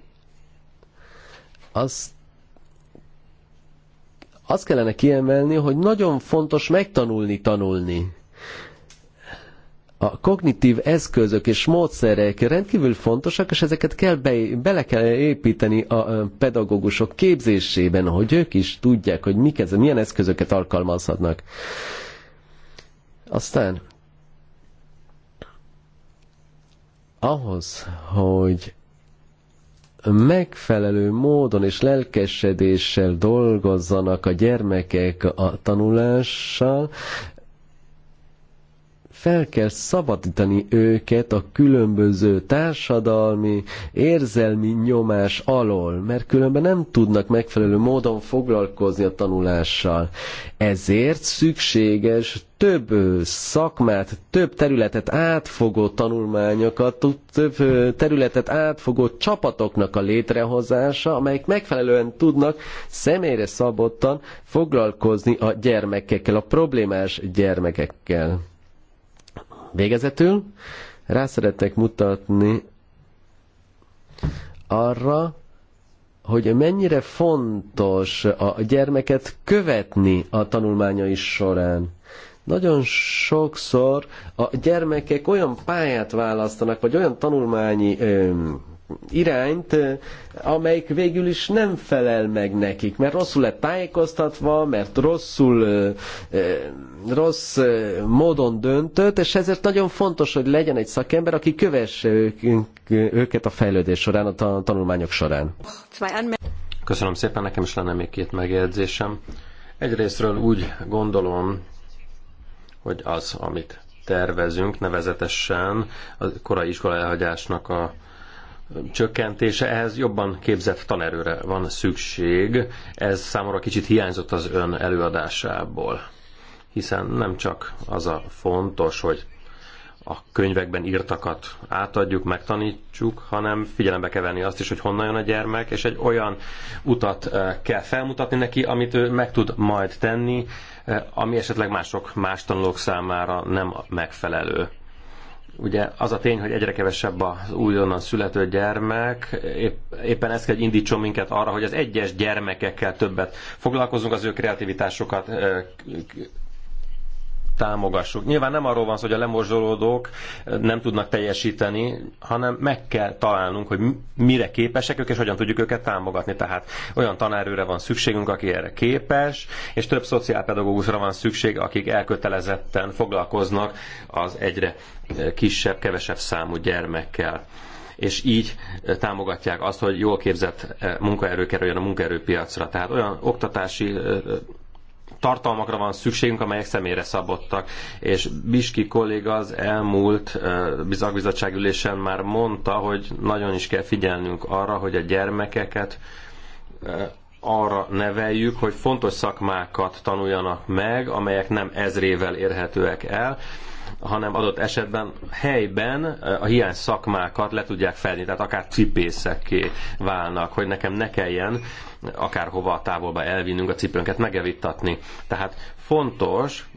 S3: az azt kellene kiemelni, hogy nagyon fontos megtanulni tanulni. A kognitív eszközök és módszerek rendkívül fontosak, és ezeket kell be, bele kell építeni a pedagógusok képzésében, hogy ők is tudják, hogy mik ez, milyen eszközöket alkalmazhatnak. Aztán ahhoz, hogy megfelelő módon és lelkesedéssel dolgozzanak a gyermekek a tanulással, fel kell szabadítani őket a különböző társadalmi, érzelmi nyomás alól, mert különben nem tudnak megfelelő módon foglalkozni a tanulással. Ezért szükséges több szakmát, több területet átfogó tanulmányokat, több területet átfogó csapatoknak a létrehozása, amelyek megfelelően tudnak személyre szabottan foglalkozni a gyermekekkel, a problémás gyermekekkel. Végezetül rá szeretek mutatni arra, hogy mennyire fontos a gyermeket követni a tanulmányai során. Nagyon sokszor a gyermekek olyan pályát választanak, vagy olyan tanulmányi irányt, amelyik végül is nem felel meg nekik, mert rosszul lett tájékoztatva, mert rosszul, rossz módon döntött, és ezért nagyon fontos, hogy legyen egy szakember, aki kövesse őket a fejlődés során, a tanulmányok során.
S1: Köszönöm szépen, nekem is lenne még két megjegyzésem. Egyrésztről úgy gondolom, hogy az, amit tervezünk, nevezetesen a korai iskola elhagyásnak a csökkentése, ehhez jobban képzett tanerőre van szükség. Ez számomra kicsit hiányzott az ön előadásából, hiszen nem csak az a fontos, hogy a könyvekben írtakat átadjuk, megtanítsuk, hanem figyelembe kell venni azt is, hogy honnan jön a gyermek, és egy olyan utat eh, kell felmutatni neki, amit ő meg tud majd tenni, eh, ami esetleg mások, más tanulók számára nem megfelelő. Ugye az a tény, hogy egyre kevesebb az újonnan születő gyermek, épp, éppen ez kell, indítson minket arra, hogy az egyes gyermekekkel többet foglalkozunk, az ő kreativitásokat támogassuk. Nyilván nem arról van szó, hogy a lemorzsolódók eh, nem tudnak teljesíteni, hanem meg kell találnunk, hogy mire képesek ők, és hogyan tudjuk őket támogatni. Tehát olyan tanárőre van szükségünk, aki erre képes, és több szociálpedagógusra van szükség, akik elkötelezetten foglalkoznak az egyre eh, kisebb, kevesebb számú gyermekkel és így eh, támogatják azt, hogy jól képzett munkaerő kerüljön a munkaerőpiacra. Tehát olyan oktatási tartalmakra van szükségünk, amelyek személyre szabottak. És Biski kolléga az elmúlt bizakbizottságülésen már mondta, hogy nagyon is kell figyelnünk arra, hogy a gyermekeket arra neveljük, hogy fontos szakmákat tanuljanak meg, amelyek nem ezrével érhetőek el, hanem adott esetben helyben a hiány szakmákat le tudják fedni, tehát akár cipészekké válnak, hogy nekem ne kelljen akárhova a távolba elvinnünk a cipőnket megevittatni. Tehát fontos,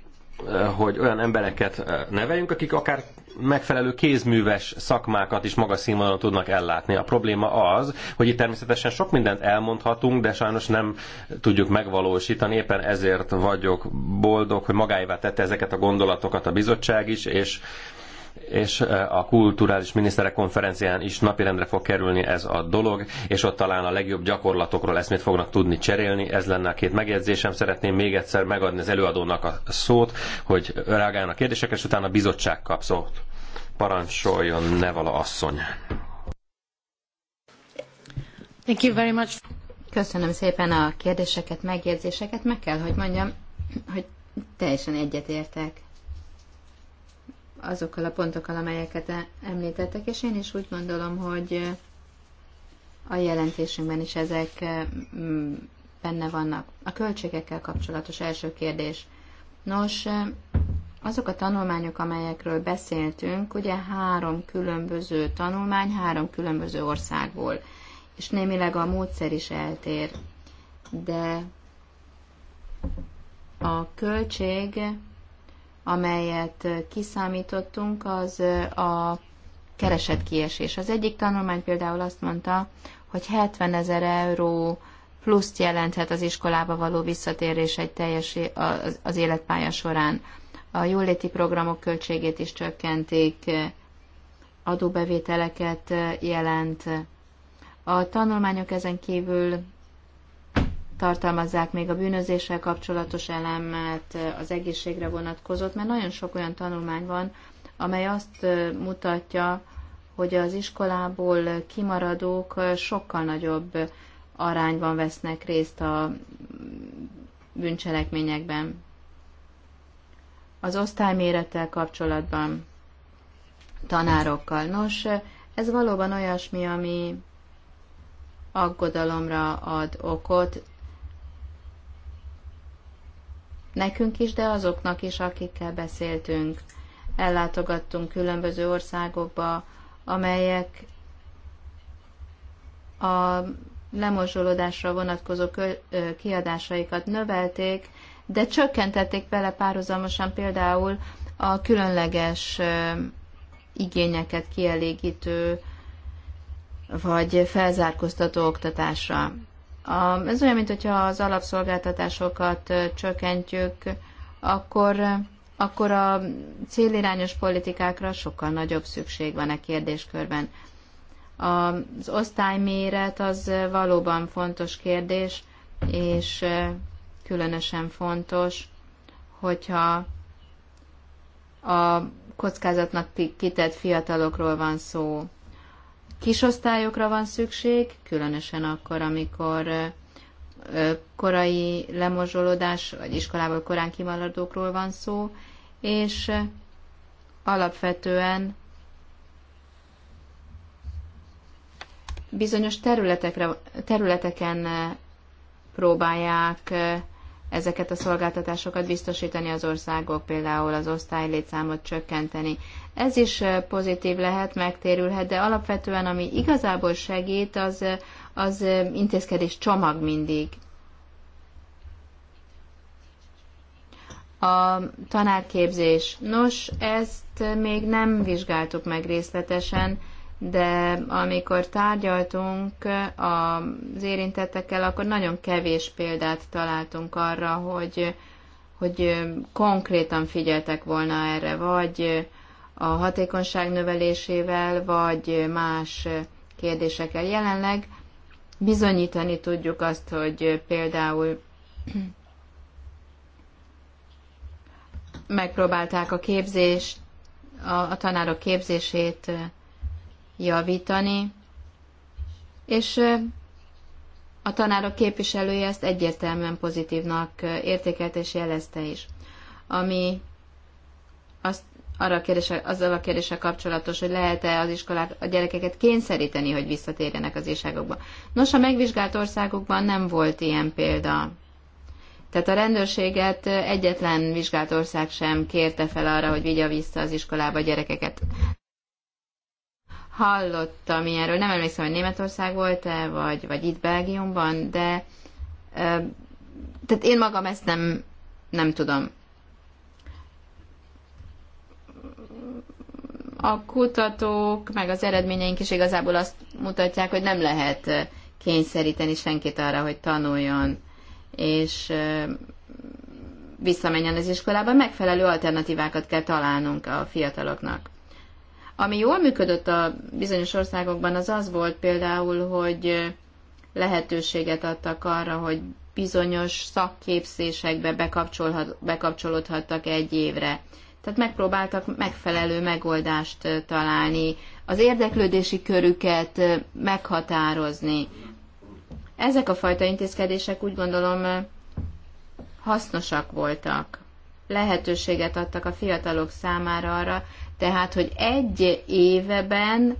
S1: hogy olyan embereket neveljünk, akik akár megfelelő kézműves szakmákat is magas színvonalon tudnak ellátni. A probléma az, hogy itt természetesen sok mindent elmondhatunk, de sajnos nem tudjuk megvalósítani. Éppen ezért vagyok boldog, hogy magáévá tette ezeket a gondolatokat a bizottság is, és és eh, a kulturális miniszterek konferencián is napirendre fog kerülni ez a dolog, és ott talán a legjobb gyakorlatokról eszmét fognak tudni cserélni. Ez lenne a két megjegyzésem. Szeretném még egyszer megadni az előadónak a szót, hogy reagáljon a kérdésekre, és utána a bizottság kap szót. Parancsoljon Nevala asszony.
S2: Thank you very much. Köszönöm szépen a kérdéseket, megjegyzéseket. Meg kell, hogy mondjam, hogy teljesen egyetértek azokkal a pontokkal, amelyeket e- említettek, és én is úgy gondolom, hogy a jelentésünkben is ezek e, mm, benne vannak. A költségekkel kapcsolatos első kérdés. Nos, e, azok a tanulmányok, amelyekről beszéltünk, ugye három különböző tanulmány, három különböző országból, és némileg a módszer is eltér, de a költség amelyet kiszámítottunk, az a keresett kiesés. Az egyik tanulmány például azt mondta, hogy 70 ezer euró pluszt jelenthet az iskolába való visszatérés egy teljes az életpálya során. A jóléti programok költségét is csökkenték, adóbevételeket jelent. A tanulmányok ezen kívül tartalmazzák még a bűnözéssel kapcsolatos elemet, az egészségre vonatkozott, mert nagyon sok olyan tanulmány van, amely azt mutatja, hogy az iskolából kimaradók sokkal nagyobb arányban vesznek részt a bűncselekményekben. Az osztálymérettel kapcsolatban, tanárokkal. Nos, ez valóban olyasmi, ami aggodalomra ad okot, nekünk is, de azoknak is, akikkel beszéltünk. Ellátogattunk különböző országokba, amelyek a lemorzsolódásra vonatkozó kiadásaikat növelték, de csökkentették vele párhuzamosan például a különleges igényeket kielégítő vagy felzárkóztató oktatásra. A, ez olyan, mint hogyha az alapszolgáltatásokat csökkentjük, akkor, akkor a célirányos politikákra sokkal nagyobb szükség van a e kérdéskörben. Az osztályméret az valóban fontos kérdés, és különösen fontos, hogyha a kockázatnak kitett fiatalokról van szó kisosztályokra van szükség, különösen akkor, amikor korai lemozsolódás, vagy iskolából korán kimaradókról van szó, és alapvetően bizonyos területekre, területeken próbálják ezeket a szolgáltatásokat biztosítani az országok, például az osztálylétszámot csökkenteni. Ez is pozitív lehet, megtérülhet, de alapvetően ami igazából segít, az, az intézkedés csomag mindig. A tanárképzés. Nos, ezt még nem vizsgáltuk meg részletesen, de amikor tárgyaltunk eh, az érintettekkel, akkor nagyon kevés példát találtunk arra, hogy, hogy eh, konkrétan figyeltek volna erre, vagy eh, a hatékonyság növelésével, vagy más kérdésekkel. Jelenleg bizonyítani tudjuk azt, hogy például megpróbálták a képzést, a, a tanárok képzését javítani, és a tanárok képviselője ezt egyértelműen pozitívnak értékelt és jelezte is. Ami azt arra a kérdése, azzal a kérdéssel kapcsolatos, hogy lehet-e az iskolák a gyerekeket kényszeríteni, hogy visszatérjenek az iságokba. Nos, a megvizsgált országokban nem volt ilyen példa. Tehát a rendőrséget egyetlen vizsgált ország sem kérte fel arra, hogy vigye vissza az iskolába a gyerekeket hallottam ilyenről, nem emlékszem, hogy Németország volt-e, vagy, vagy itt Belgiumban, de tehát én magam ezt nem, nem tudom. A kutatók, meg az eredményeink is igazából azt mutatják, hogy nem lehet kényszeríteni senkit arra, hogy tanuljon, és visszamenjen az iskolába. Megfelelő alternatívákat kell találnunk a fiataloknak. Ami jól működött a bizonyos országokban, az az volt például, hogy lehetőséget adtak arra, hogy bizonyos szakképzésekbe bekapcsolódhattak egy évre. Tehát megpróbáltak megfelelő megoldást találni, az érdeklődési körüket meghatározni. Ezek a fajta intézkedések úgy gondolom hasznosak voltak. Lehetőséget adtak a fiatalok számára arra, tehát, hogy egy éveben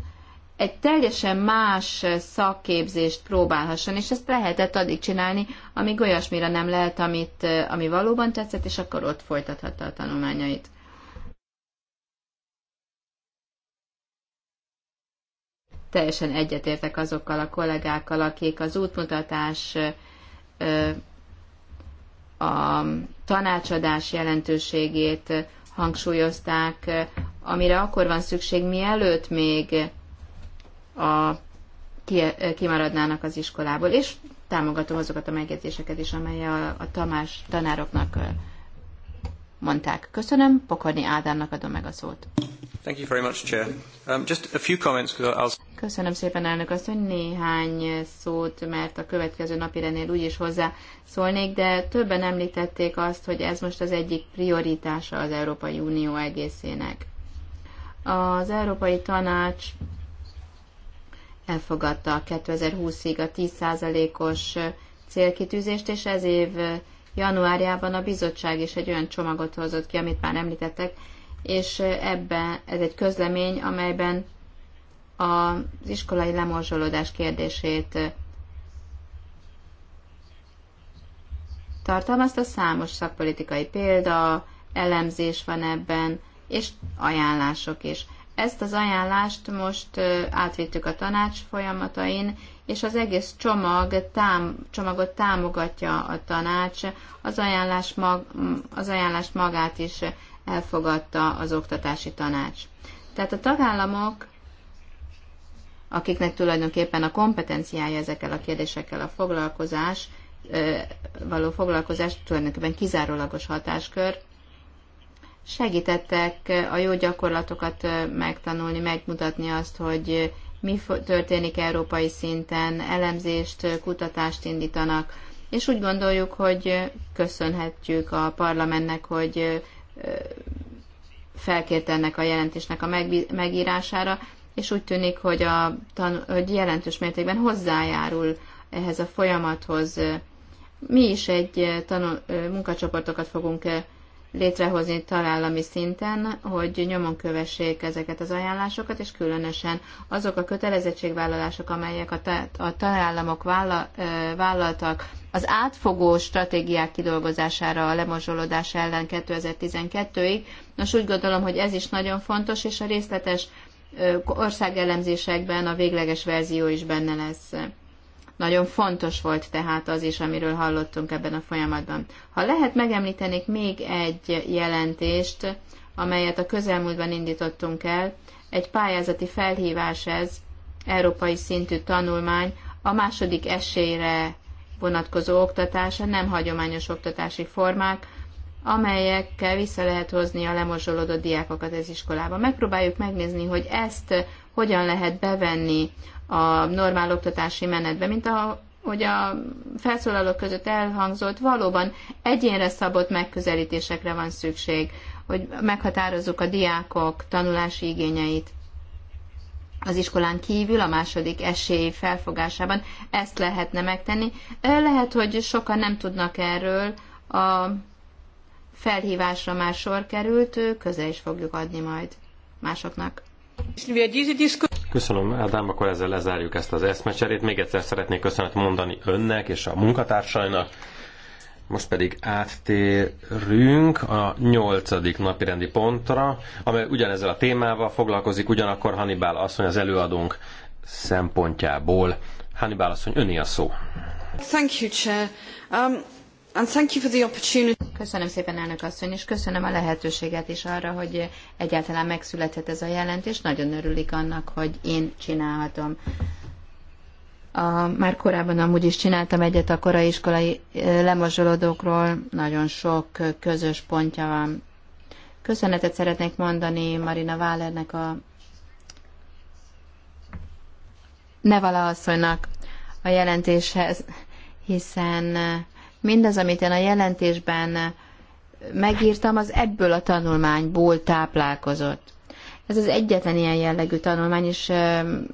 S2: egy teljesen más szakképzést próbálhasson, és ezt lehetett addig csinálni, amíg olyasmire nem lehet, amit, ami valóban tetszett, és akkor ott folytathatta a tanulmányait. Teljesen egyetértek azokkal a kollégákkal, akik az útmutatás a tanácsadás jelentőségét hangsúlyozták, amire akkor van szükség, mielőtt még a, ki, kimaradnának az iskolából. És támogatom azokat a megjegyzéseket is, amely a, a Tamás tanároknak mondták. Köszönöm, Pokorni Ádámnak adom meg a szót.
S1: Thank you very much, Chair. Um, just a few comments, because I'll...
S2: Köszönöm szépen, elnök asszony, néhány szót, mert a következő napi úgy is hozzá szólnék, de többen említették azt, hogy ez most az egyik prioritása az Európai Unió egészének. Az Európai Tanács elfogadta 2020-ig a 10%-os célkitűzést, és ez év januárjában a bizottság is egy olyan csomagot hozott ki, amit már említettek, és ebben ez egy közlemény, amelyben az iskolai lemorzsolódás kérdését tartalmazta számos szakpolitikai példa, elemzés van ebben, és ajánlások is. Ezt az ajánlást most átvittük a tanács folyamatain, és az egész csomag, tám, csomagot támogatja a tanács, az, ajánlás mag, az ajánlást magát is elfogadta az oktatási tanács. Tehát a tagállamok, akiknek tulajdonképpen a kompetenciája ezekkel a kérdésekkel a foglalkozás, való foglalkozás tulajdonképpen kizárólagos hatáskör, segítettek a jó gyakorlatokat megtanulni, megmutatni azt, hogy mi történik európai szinten, elemzést, kutatást indítanak, és úgy gondoljuk, hogy köszönhetjük a parlamentnek, hogy felkért ennek a jelentésnek a megírására, és úgy tűnik, hogy, a tan- hogy jelentős mértékben hozzájárul ehhez a folyamathoz. Mi is egy eh, tanul- eh, munkacsoportokat fogunk eh, létrehozni tagállami szinten, hogy nyomon kövessék ezeket az ajánlásokat, és különösen azok a kötelezettségvállalások, amelyek a, ta, a tagállamok vállal, vállaltak az átfogó stratégiák kidolgozására a lemozsolódás ellen 2012-ig. Nos, úgy gondolom, hogy ez is nagyon fontos, és a részletes országelemzésekben a végleges verzió is benne lesz. Nagyon fontos volt tehát az is, amiről hallottunk ebben a folyamatban. Ha lehet, megemlítenék még egy jelentést, amelyet a közelmúltban indítottunk el. Egy pályázati felhívás ez, európai szintű tanulmány, a második esélyre vonatkozó oktatása, nem hagyományos oktatási formák, amelyekkel vissza lehet hozni a lemorzsolódott diákokat az iskolába. Megpróbáljuk megnézni, hogy ezt hogyan lehet bevenni a normál oktatási menetbe, mint a hogy a felszólalók között elhangzott, valóban egyénre szabott megközelítésekre van szükség, hogy meghatározzuk a diákok tanulási igényeit az iskolán kívül, a második esély felfogásában. Ezt lehetne megtenni. Lehet, hogy sokan nem tudnak erről, a felhívásra már sor került, közel is fogjuk adni majd másoknak.
S1: Köszönöm, Ádám, akkor ezzel lezárjuk ezt az eszmecserét. Még egyszer szeretnék köszönet mondani önnek és a munkatársainak. Most pedig áttérünk a nyolcadik napi rendi pontra, amely ugyanezzel a témával foglalkozik, ugyanakkor Hannibal asszony az előadónk szempontjából. Hannibal asszony, öné a szó.
S2: Thank you, Chair. Um... Köszönöm szépen, elnök asszony, és köszönöm a lehetőséget is arra, hogy egyáltalán megszülethet ez a jelentés. Nagyon örülik annak, hogy én csinálhatom. A, már korábban amúgy is csináltam egyet a korai iskolai lemozsolódókról, nagyon sok közös pontja van. Köszönetet szeretnék mondani Marina Wallernek a Nevala asszonynak a jelentéshez, hiszen mindaz, amit én a jelentésben megírtam, az ebből a tanulmányból táplálkozott. Ez az egyetlen ilyen jellegű tanulmány, és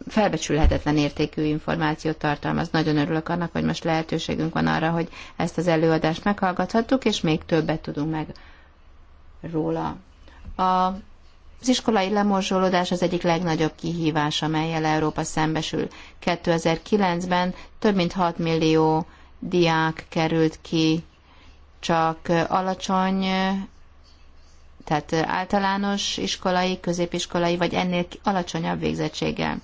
S2: felbecsülhetetlen értékű információt tartalmaz. Nagyon örülök annak, hogy most lehetőségünk van arra, hogy ezt az előadást meghallgathattuk, és még többet tudunk meg róla. A az iskolai lemorzsolódás az egyik legnagyobb kihívás, amelyel Európa szembesül. 2009-ben több mint 6 millió diák került ki, csak alacsony, tehát általános iskolai, középiskolai vagy ennél alacsonyabb végzettséggel.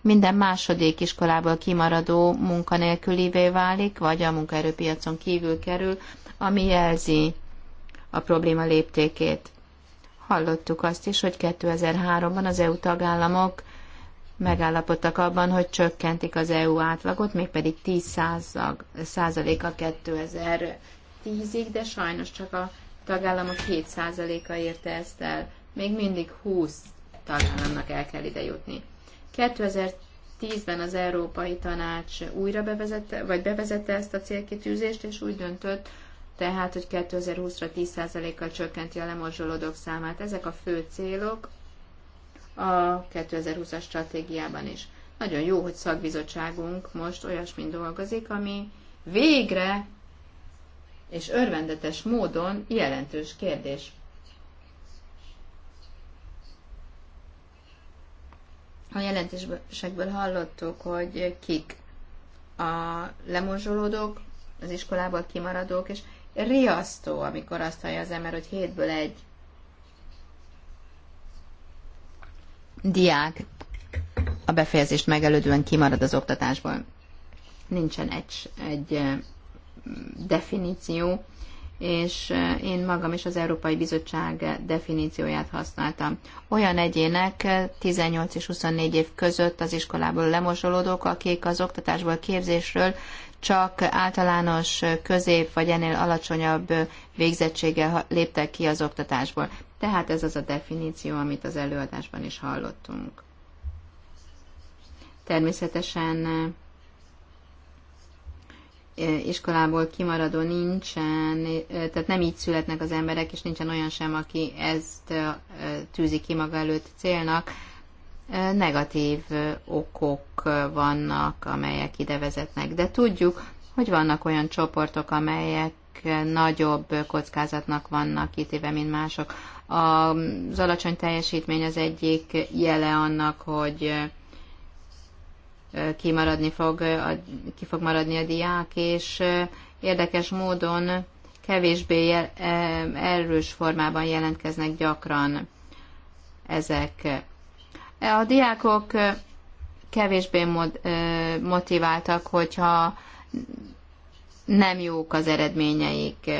S2: Minden második iskolából kimaradó munkanélkülivé válik, vagy a munkaerőpiacon kívül kerül, ami jelzi a probléma léptékét. Hallottuk azt is, hogy 2003-ban az EU tagállamok megállapodtak abban, hogy csökkentik az EU átlagot, mégpedig 10 a 2010-ig, de sajnos csak a tagállamok 7 a érte ezt el. Még mindig 20 tagállamnak el kell ide jutni. 2010-ben az Európai Tanács újra bevezette, vagy bevezette ezt a célkitűzést, és úgy döntött, tehát, hogy 2020-ra 10%-kal csökkenti a lemorzsolódók számát. Ezek a fő célok, a 2020-as stratégiában is. Nagyon jó, hogy szakbizottságunk most olyasmin dolgozik, ami végre és örvendetes módon jelentős kérdés. A jelentésekből hallottuk, hogy kik a lemorzsolódók, az iskolából kimaradók, és riasztó, amikor azt hallja az ember, hogy hétből egy diák a befejezést megelődően kimarad az oktatásból. Nincsen egy, egy definíció, és én magam is az Európai Bizottság definícióját használtam. Olyan egyének 18 és 24 év között az iskolából lemosolódók, akik az oktatásból képzésről csak általános közép vagy ennél alacsonyabb végzettséggel léptek ki az oktatásból. Tehát ez az a definíció, amit az előadásban is hallottunk. Természetesen eh, iskolából kimaradó nincsen, eh, tehát nem így születnek az emberek, és nincsen olyan sem, aki ezt eh, tűzi ki maga előtt célnak. Negatív okok vannak, amelyek ide vezetnek. De tudjuk, hogy vannak olyan csoportok, amelyek nagyobb kockázatnak vannak kitéve, mint mások. Az alacsony teljesítmény az egyik jele annak, hogy kimaradni fog, ki fog maradni a diák, és érdekes módon kevésbé erős formában jelentkeznek gyakran ezek. A diákok kevésbé motiváltak, hogyha nem jók az eredményeik.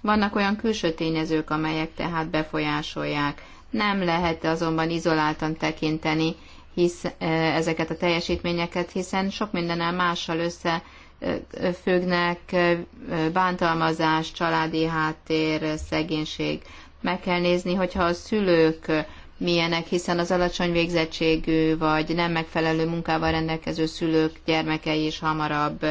S2: Vannak olyan külső tényezők, amelyek tehát befolyásolják. Nem lehet azonban izoláltan tekinteni hisz, e, ezeket a teljesítményeket, hiszen sok mindennel mással össze e, e, függnek bántalmazás, családi háttér, szegénység. Meg kell nézni, hogyha a szülők milyenek, hiszen az alacsony végzettségű vagy nem megfelelő munkával rendelkező szülők gyermekei is hamarabb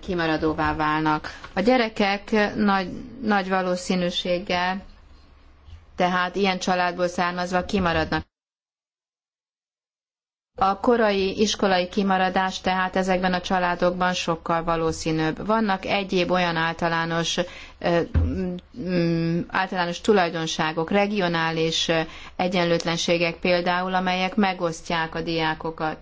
S2: kimaradóvá válnak. A gyerekek nagy, nagy valószínűséggel, tehát ilyen családból származva kimaradnak. A korai iskolai kimaradás tehát ezekben a családokban sokkal valószínűbb. Vannak egyéb olyan általános, mm, általános tulajdonságok, regionális egyenlőtlenségek például, amelyek megosztják a diákokat.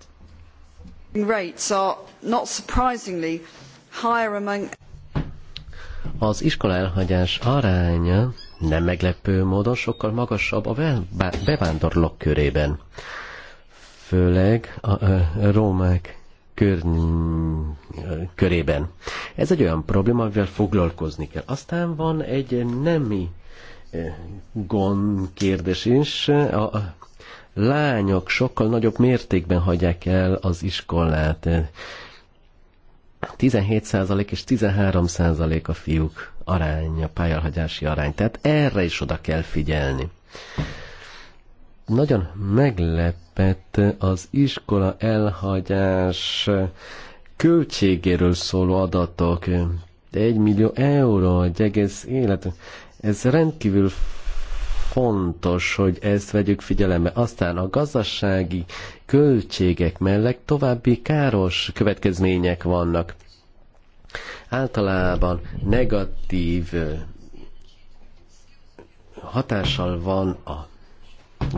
S3: Az iskola elhagyás aránya nem meglepő módon sokkal magasabb a bevándorlók körében főleg a, a rómák kör, körében. Ez egy olyan probléma, amivel foglalkozni kell. Aztán van egy nemi eh, gond kérdés is. A, a lányok sokkal nagyobb mértékben hagyják el az iskolát. 17% és 13% a fiúk aránya, pályalhagyási arány. Tehát erre is oda kell figyelni nagyon meglepett az iskola elhagyás költségéről szóló adatok. egy millió euró, egy egész élet. Ez rendkívül fontos, hogy ezt vegyük figyelembe. Aztán a gazdasági költségek mellett további káros következmények vannak. Általában negatív hatással van a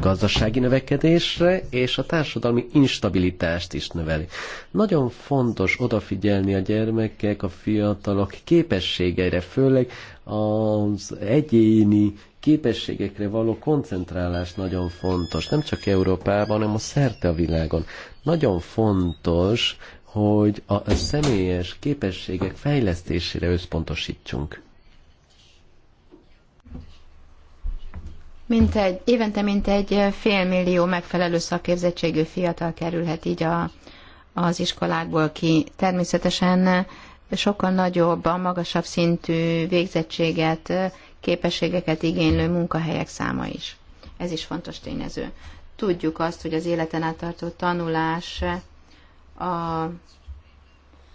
S3: gazdasági növekedésre és a társadalmi instabilitást is növeli. Nagyon fontos odafigyelni a gyermekek, a fiatalok képességeire, főleg az egyéni képességekre való koncentrálás nagyon fontos, nem csak Európában, hanem a szerte a világon. Nagyon fontos, hogy a személyes képességek fejlesztésére összpontosítsunk.
S2: mint egy, évente mint egy félmillió megfelelő szakképzettségű fiatal kerülhet így a, az iskolákból ki. Természetesen sokkal nagyobb, a magasabb szintű végzettséget, képességeket igénylő munkahelyek száma is. Ez is fontos tényező. Tudjuk azt, hogy az életen át tartó tanulás a,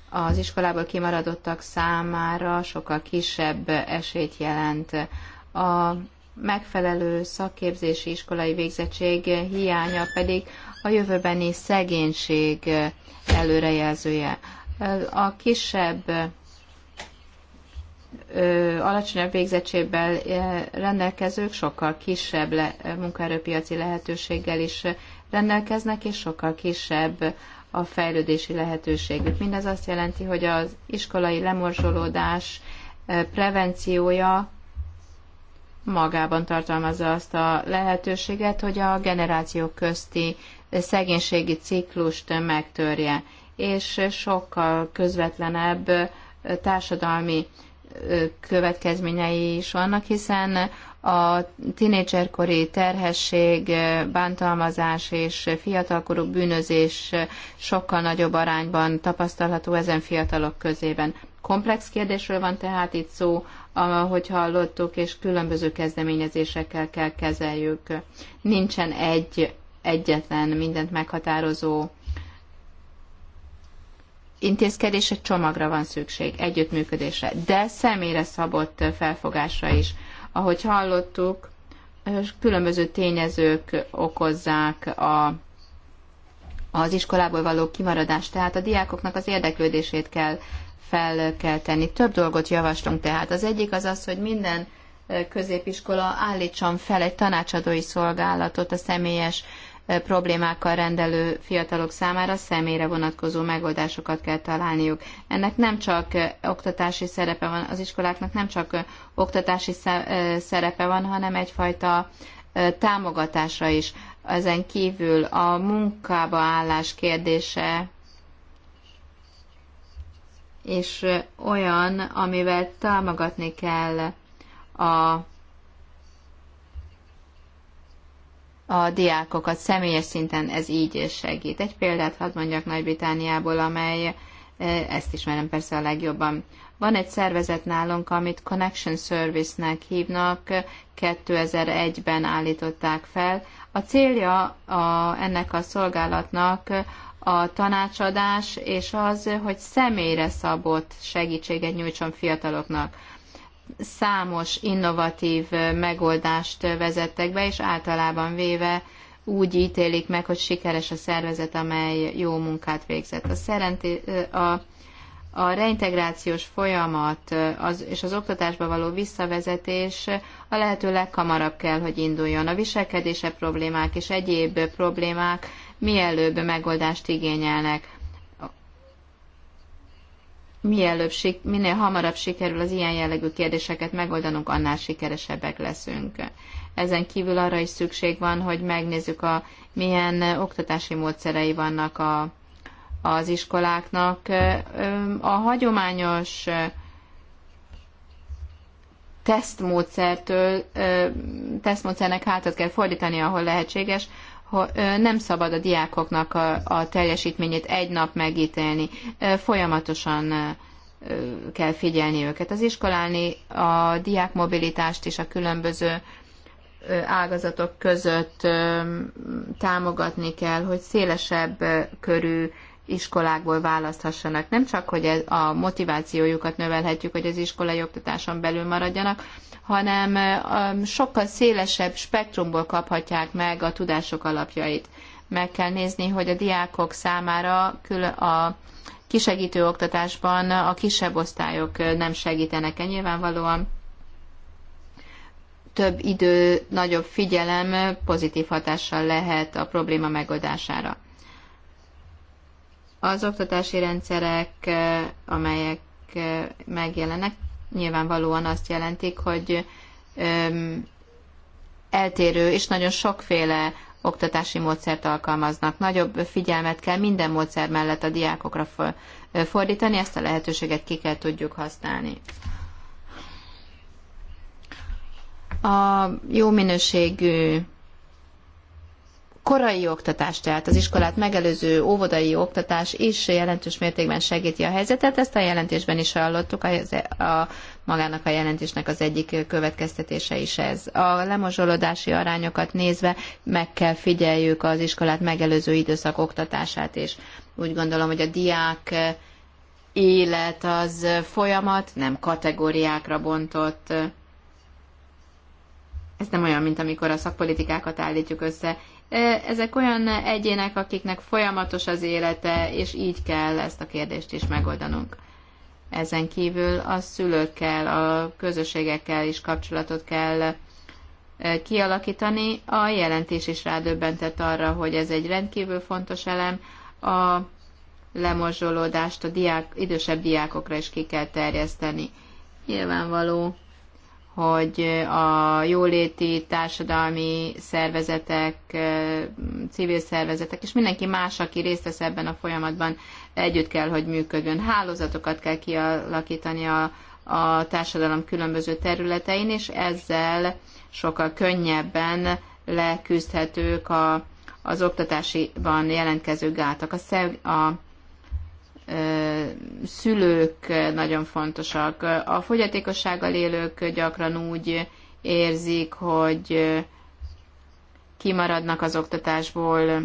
S2: az iskolából kimaradottak számára sokkal kisebb esélyt jelent. A megfelelő szakképzési iskolai végzettség hiánya pedig a jövőbeni szegénység előrejelzője. A kisebb alacsonyabb végzettségben rendelkezők sokkal kisebb munkaerőpiaci lehetőséggel is rendelkeznek, és sokkal kisebb a fejlődési lehetőségük. Mindez azt jelenti, hogy az iskolai lemorzsolódás prevenciója magában tartalmazza azt a lehetőséget, hogy a generációk közti szegénységi ciklust megtörje, és sokkal közvetlenebb társadalmi következményei is vannak, hiszen a tinédzserkori terhesség, bántalmazás és fiatalkorú bűnözés sokkal nagyobb arányban tapasztalható ezen fiatalok közében. Komplex kérdésről van tehát itt szó, ahogy hallottuk, és különböző kezdeményezésekkel kell kezeljük. Nincsen egy, egyetlen, mindent meghatározó intézkedése, csomagra van szükség, együttműködésre, de személyre szabott felfogásra is. Ahogy hallottuk, különböző tényezők okozzák a, az iskolából való kimaradást, tehát a diákoknak az érdeklődését kell fel kell tenni. Több dolgot javaslunk tehát. Az egyik az az, hogy minden eh, középiskola állítson fel egy tanácsadói szolgálatot a személyes problémákkal rendelő fiatalok számára személyre vonatkozó megoldásokat kell találniuk. Ennek nem csak oktatási szerepe van, az iskoláknak nem csak oktatási szerepe van, hanem egyfajta támogatásra is. Ezen kívül a munkába állás kérdése és olyan, amivel támogatni kell a a diákokat személyes szinten ez így és segít. Egy példát hadd mondjak Nagy-Britániából, amely e, ezt ismerem persze a legjobban. Van egy szervezet nálunk, amit Connection Service-nek hívnak, 2001-ben állították fel. A célja a, ennek a szolgálatnak a tanácsadás, és az, hogy személyre szabott segítséget nyújtson fiataloknak számos innovatív megoldást vezettek be, és általában véve úgy ítélik meg, hogy sikeres a szervezet, amely jó munkát végzett. A, szerenti, a, a reintegrációs folyamat az, és az oktatásba való visszavezetés a lehető leghamarabb kell, hogy induljon. A viselkedése problémák és egyéb problémák mielőbb megoldást igényelnek mielőbb, minél hamarabb sikerül az ilyen jellegű kérdéseket megoldanunk, annál sikeresebbek leszünk. Ezen kívül arra is szükség van, hogy megnézzük, a, milyen oktatási módszerei vannak a, az iskoláknak. A hagyományos tesztmódszertől, tesztmódszernek hátat kell fordítani, ahol lehetséges, nem szabad a diákoknak a, a teljesítményét egy nap megítélni. Folyamatosan kell figyelni őket. Az iskolálni a diák mobilitást és a különböző ágazatok között támogatni kell, hogy szélesebb körű iskolákból választhassanak. Nem csak, hogy a motivációjukat növelhetjük, hogy az iskolai oktatáson belül maradjanak, hanem sokkal szélesebb spektrumból kaphatják meg a tudások alapjait. Meg kell nézni, hogy a diákok számára kül a kisegítő oktatásban a kisebb osztályok nem segítenek-e nyilvánvalóan több idő, nagyobb figyelem pozitív hatással lehet a probléma megoldására. Az oktatási rendszerek, amelyek megjelennek, nyilvánvalóan azt jelentik, hogy eltérő és nagyon sokféle oktatási módszert alkalmaznak. Nagyobb figyelmet kell minden módszer mellett a diákokra fordítani, ezt a lehetőséget ki kell tudjuk használni. A jó minőségű korai oktatás, tehát az iskolát megelőző óvodai oktatás is jelentős mértékben segíti a helyzetet. Ezt a jelentésben is hallottuk, a, a magának a jelentésnek az egyik következtetése is ez. A lemozsolódási arányokat nézve meg kell figyeljük az iskolát megelőző időszak oktatását, és úgy gondolom, hogy a diák élet az folyamat, nem kategóriákra bontott. Ez nem olyan, mint amikor a szakpolitikákat állítjuk össze, E, ezek olyan egyének, akiknek folyamatos az élete, és így kell ezt a kérdést is megoldanunk. Ezen kívül a szülőkkel, a közösségekkel is kapcsolatot kell e, kialakítani. A jelentés is rádöbbentett arra, hogy ez egy rendkívül fontos elem. A lemorzsolódást a diák, idősebb diákokra is ki kell terjeszteni. Nyilvánvaló, hogy a jóléti társadalmi szervezetek, civil szervezetek, és mindenki más, aki részt vesz ebben a folyamatban, együtt kell, hogy működjön. Hálózatokat kell kialakítani a, a társadalom különböző területein, és ezzel sokkal könnyebben leküzdhetők a, az oktatásiban jelentkező gátak. A, szeg, a szülők nagyon fontosak. A fogyatékossággal élők gyakran úgy érzik, hogy kimaradnak az oktatásból. E,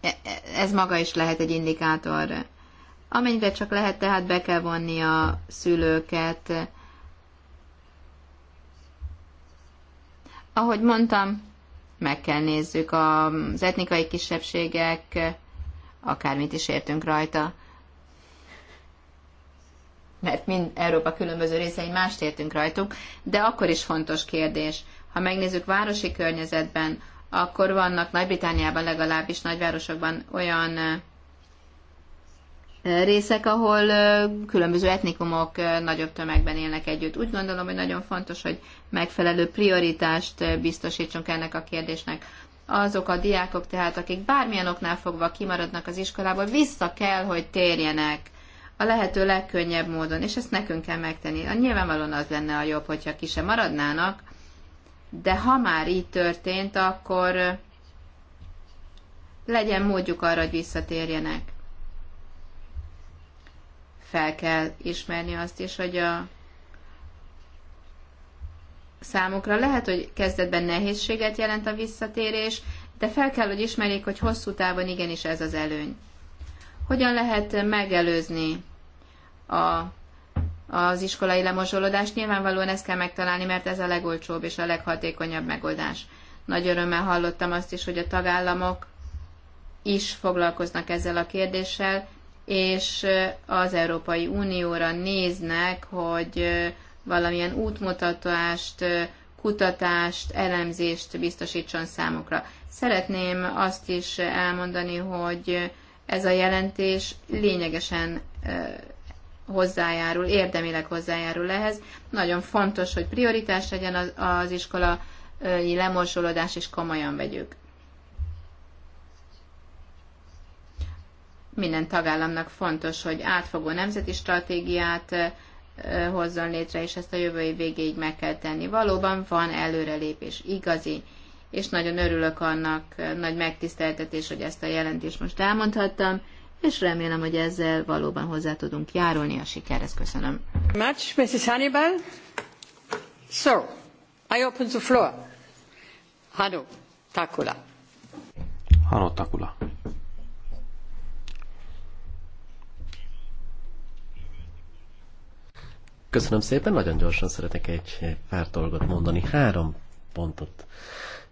S2: e, ez maga is lehet egy indikátor. Amennyire csak lehet, tehát be kell vonni a szülőket. Ahogy mondtam, meg kell nézzük az etnikai kisebbségek akármit is értünk rajta, mert mind Európa különböző részein mást értünk rajtuk, de akkor is fontos kérdés. Ha megnézzük városi környezetben, akkor vannak Nagy-Britániában legalábbis nagyvárosokban olyan részek, ahol különböző etnikumok nagyobb tömegben élnek együtt. Úgy gondolom, hogy nagyon fontos, hogy megfelelő prioritást biztosítsunk ennek a kérdésnek azok a diákok tehát, akik bármilyen oknál fogva kimaradnak az iskolából, vissza kell, hogy térjenek a lehető legkönnyebb módon, és ezt nekünk kell megtenni. A nyilvánvalóan az lenne a jobb, hogyha ki se maradnának, de ha már így történt, akkor legyen módjuk arra, hogy visszatérjenek. Fel kell ismerni azt is, hogy a számukra. Lehet, hogy kezdetben nehézséget jelent a visszatérés, de fel kell, hogy ismerjék, hogy hosszú távon igenis ez az előny. Hogyan lehet megelőzni a, az iskolai lemozsolódást? Nyilvánvalóan ezt kell megtalálni, mert ez a legolcsóbb és a leghatékonyabb megoldás. Nagy örömmel hallottam azt is, hogy a tagállamok is foglalkoznak ezzel a kérdéssel, és az Európai Unióra néznek, hogy valamilyen útmutatást, kutatást, elemzést biztosítson számukra. Szeretném azt is elmondani, hogy ez a jelentés lényegesen hozzájárul, érdemileg hozzájárul ehhez. Nagyon fontos, hogy prioritás legyen az, az iskolai lemorzsolódás, és komolyan vegyük. Minden tagállamnak fontos, hogy átfogó nemzeti stratégiát Eh, hozzon létre, és ezt a jövői végéig meg kell tenni. Valóban van előrelépés, igazi, és nagyon örülök annak, eh, nagy megtiszteltetés, hogy ezt a jelentést most elmondhattam, és remélem, hogy ezzel valóban hozzá tudunk járulni a sikerhez. Köszönöm. Much, Mrs. Hannibal. So, I open the floor. Hanu Takula.
S3: Hanu Takula. Köszönöm szépen, nagyon gyorsan szeretek egy pár dolgot mondani. Három pontot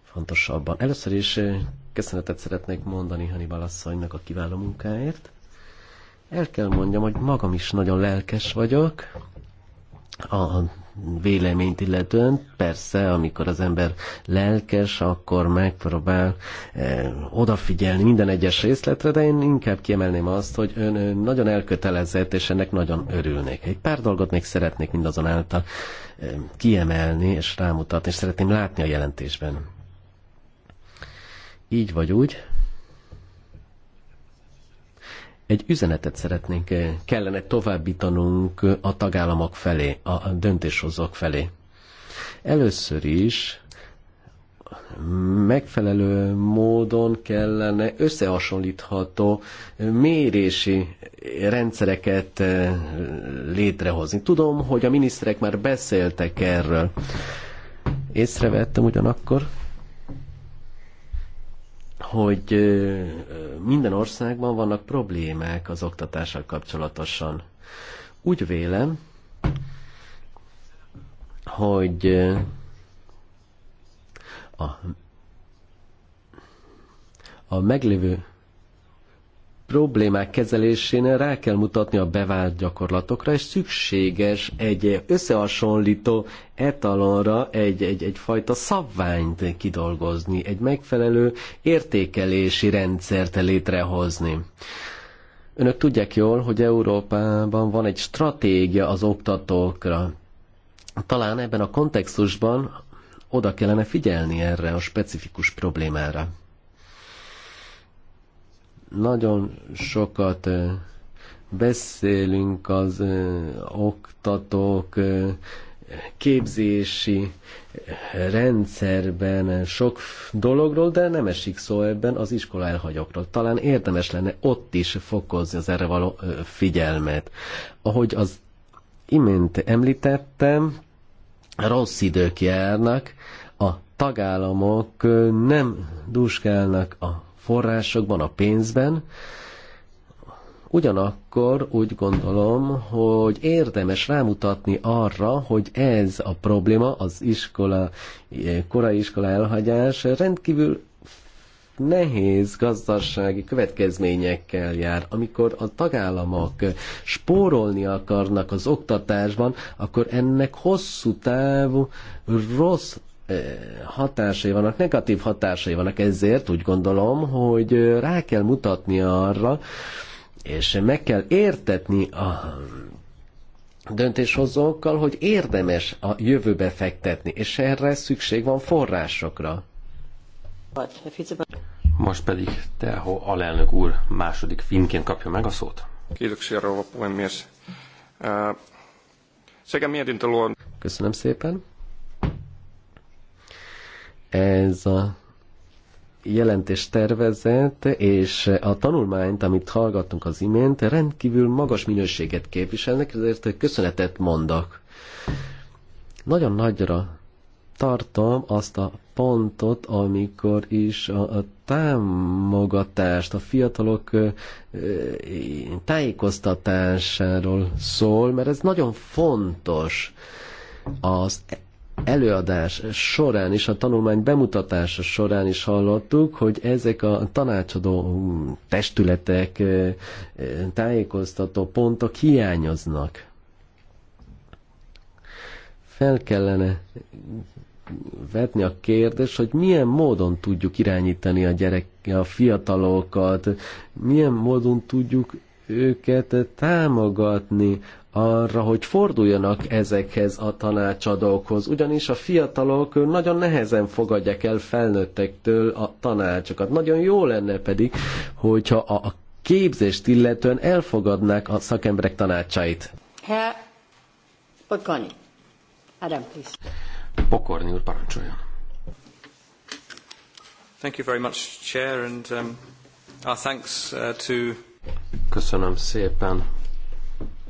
S3: fontosabban. Először is eh, köszönetet szeretnék mondani Hannibal asszonynak a kiváló munkáért. El kell mondjam, hogy magam is nagyon lelkes vagyok a véleményt illetően. Persze, amikor az ember lelkes, akkor megpróbál eh, odafigyelni minden egyes részletre, de én inkább kiemelném azt, hogy ön, ön nagyon elkötelezett, és ennek nagyon örülnék. Egy pár dolgot még szeretnék mindazonáltal eh, kiemelni és rámutatni, és szeretném látni a jelentésben. Így vagy úgy, egy üzenetet szeretnénk, eh, kellene továbbítanunk a tagállamok felé, a döntéshozók felé. Először is megfelelő módon kellene összehasonlítható mérési rendszereket eh, létrehozni. Tudom, hogy a miniszterek már beszéltek erről. Észrevettem ugyanakkor, hogy minden országban vannak problémák az oktatással kapcsolatosan. Úgy vélem, hogy a, a meglévő problémák kezelésénél rá kell mutatni a bevált gyakorlatokra, és szükséges egy összehasonlító etalonra egy, egy, egyfajta szabványt kidolgozni, egy megfelelő értékelési rendszert létrehozni. Önök tudják jól, hogy Európában van egy stratégia az oktatókra. Talán ebben a kontextusban oda kellene figyelni erre a specifikus problémára. Nagyon sokat beszélünk az oktatók képzési rendszerben sok dologról, de nem esik szó ebben az iskola elhagyokról. Talán érdemes lenne ott is fokozni az erre való figyelmet. Ahogy az imént említettem, rossz idők járnak, a tagállamok nem duskálnak a forrásokban, a pénzben, Ugyanakkor úgy gondolom, hogy érdemes rámutatni arra, hogy ez a probléma, az iskola, korai iskola elhagyás rendkívül nehéz gazdasági következményekkel jár. Amikor a tagállamok spórolni akarnak az oktatásban, akkor ennek hosszú távú rossz hatásai vannak, negatív hatásai vannak, ezért úgy gondolom, hogy rá kell mutatni arra, és meg kell értetni a döntéshozókkal, hogy érdemes a jövőbe fektetni, és erre szükség van forrásokra.
S1: Most pedig te, ha alelnök úr második filmként kapja meg a szót.
S3: Köszönöm szépen ez a jelentés tervezet és a tanulmányt, amit hallgattunk az imént, rendkívül magas minőséget képviselnek, ezért köszönetet mondok. Nagyon nagyra tartom azt a pontot, amikor is a, a támogatást, a fiatalok ö, tájékoztatásáról szól, mert ez nagyon fontos. Az előadás során is, a tanulmány bemutatása során is hallottuk, hogy ezek a tanácsadó testületek, tájékoztató pontok hiányoznak. Fel kellene vetni a kérdést, hogy milyen módon tudjuk irányítani a gyerek, a fiatalokat, milyen módon tudjuk őket támogatni arra, hogy forduljanak ezekhez a tanácsadókhoz, ugyanis a fiatalok nagyon nehezen fogadják el felnőttektől a tanácsokat. Nagyon jó lenne pedig, hogyha a képzést illetően elfogadnák a szakemberek tanácsait. Adam, Pokorni úr, parancsoljon.
S1: Thank you very much, Chair, and um, our thanks uh, to... Köszönöm szépen,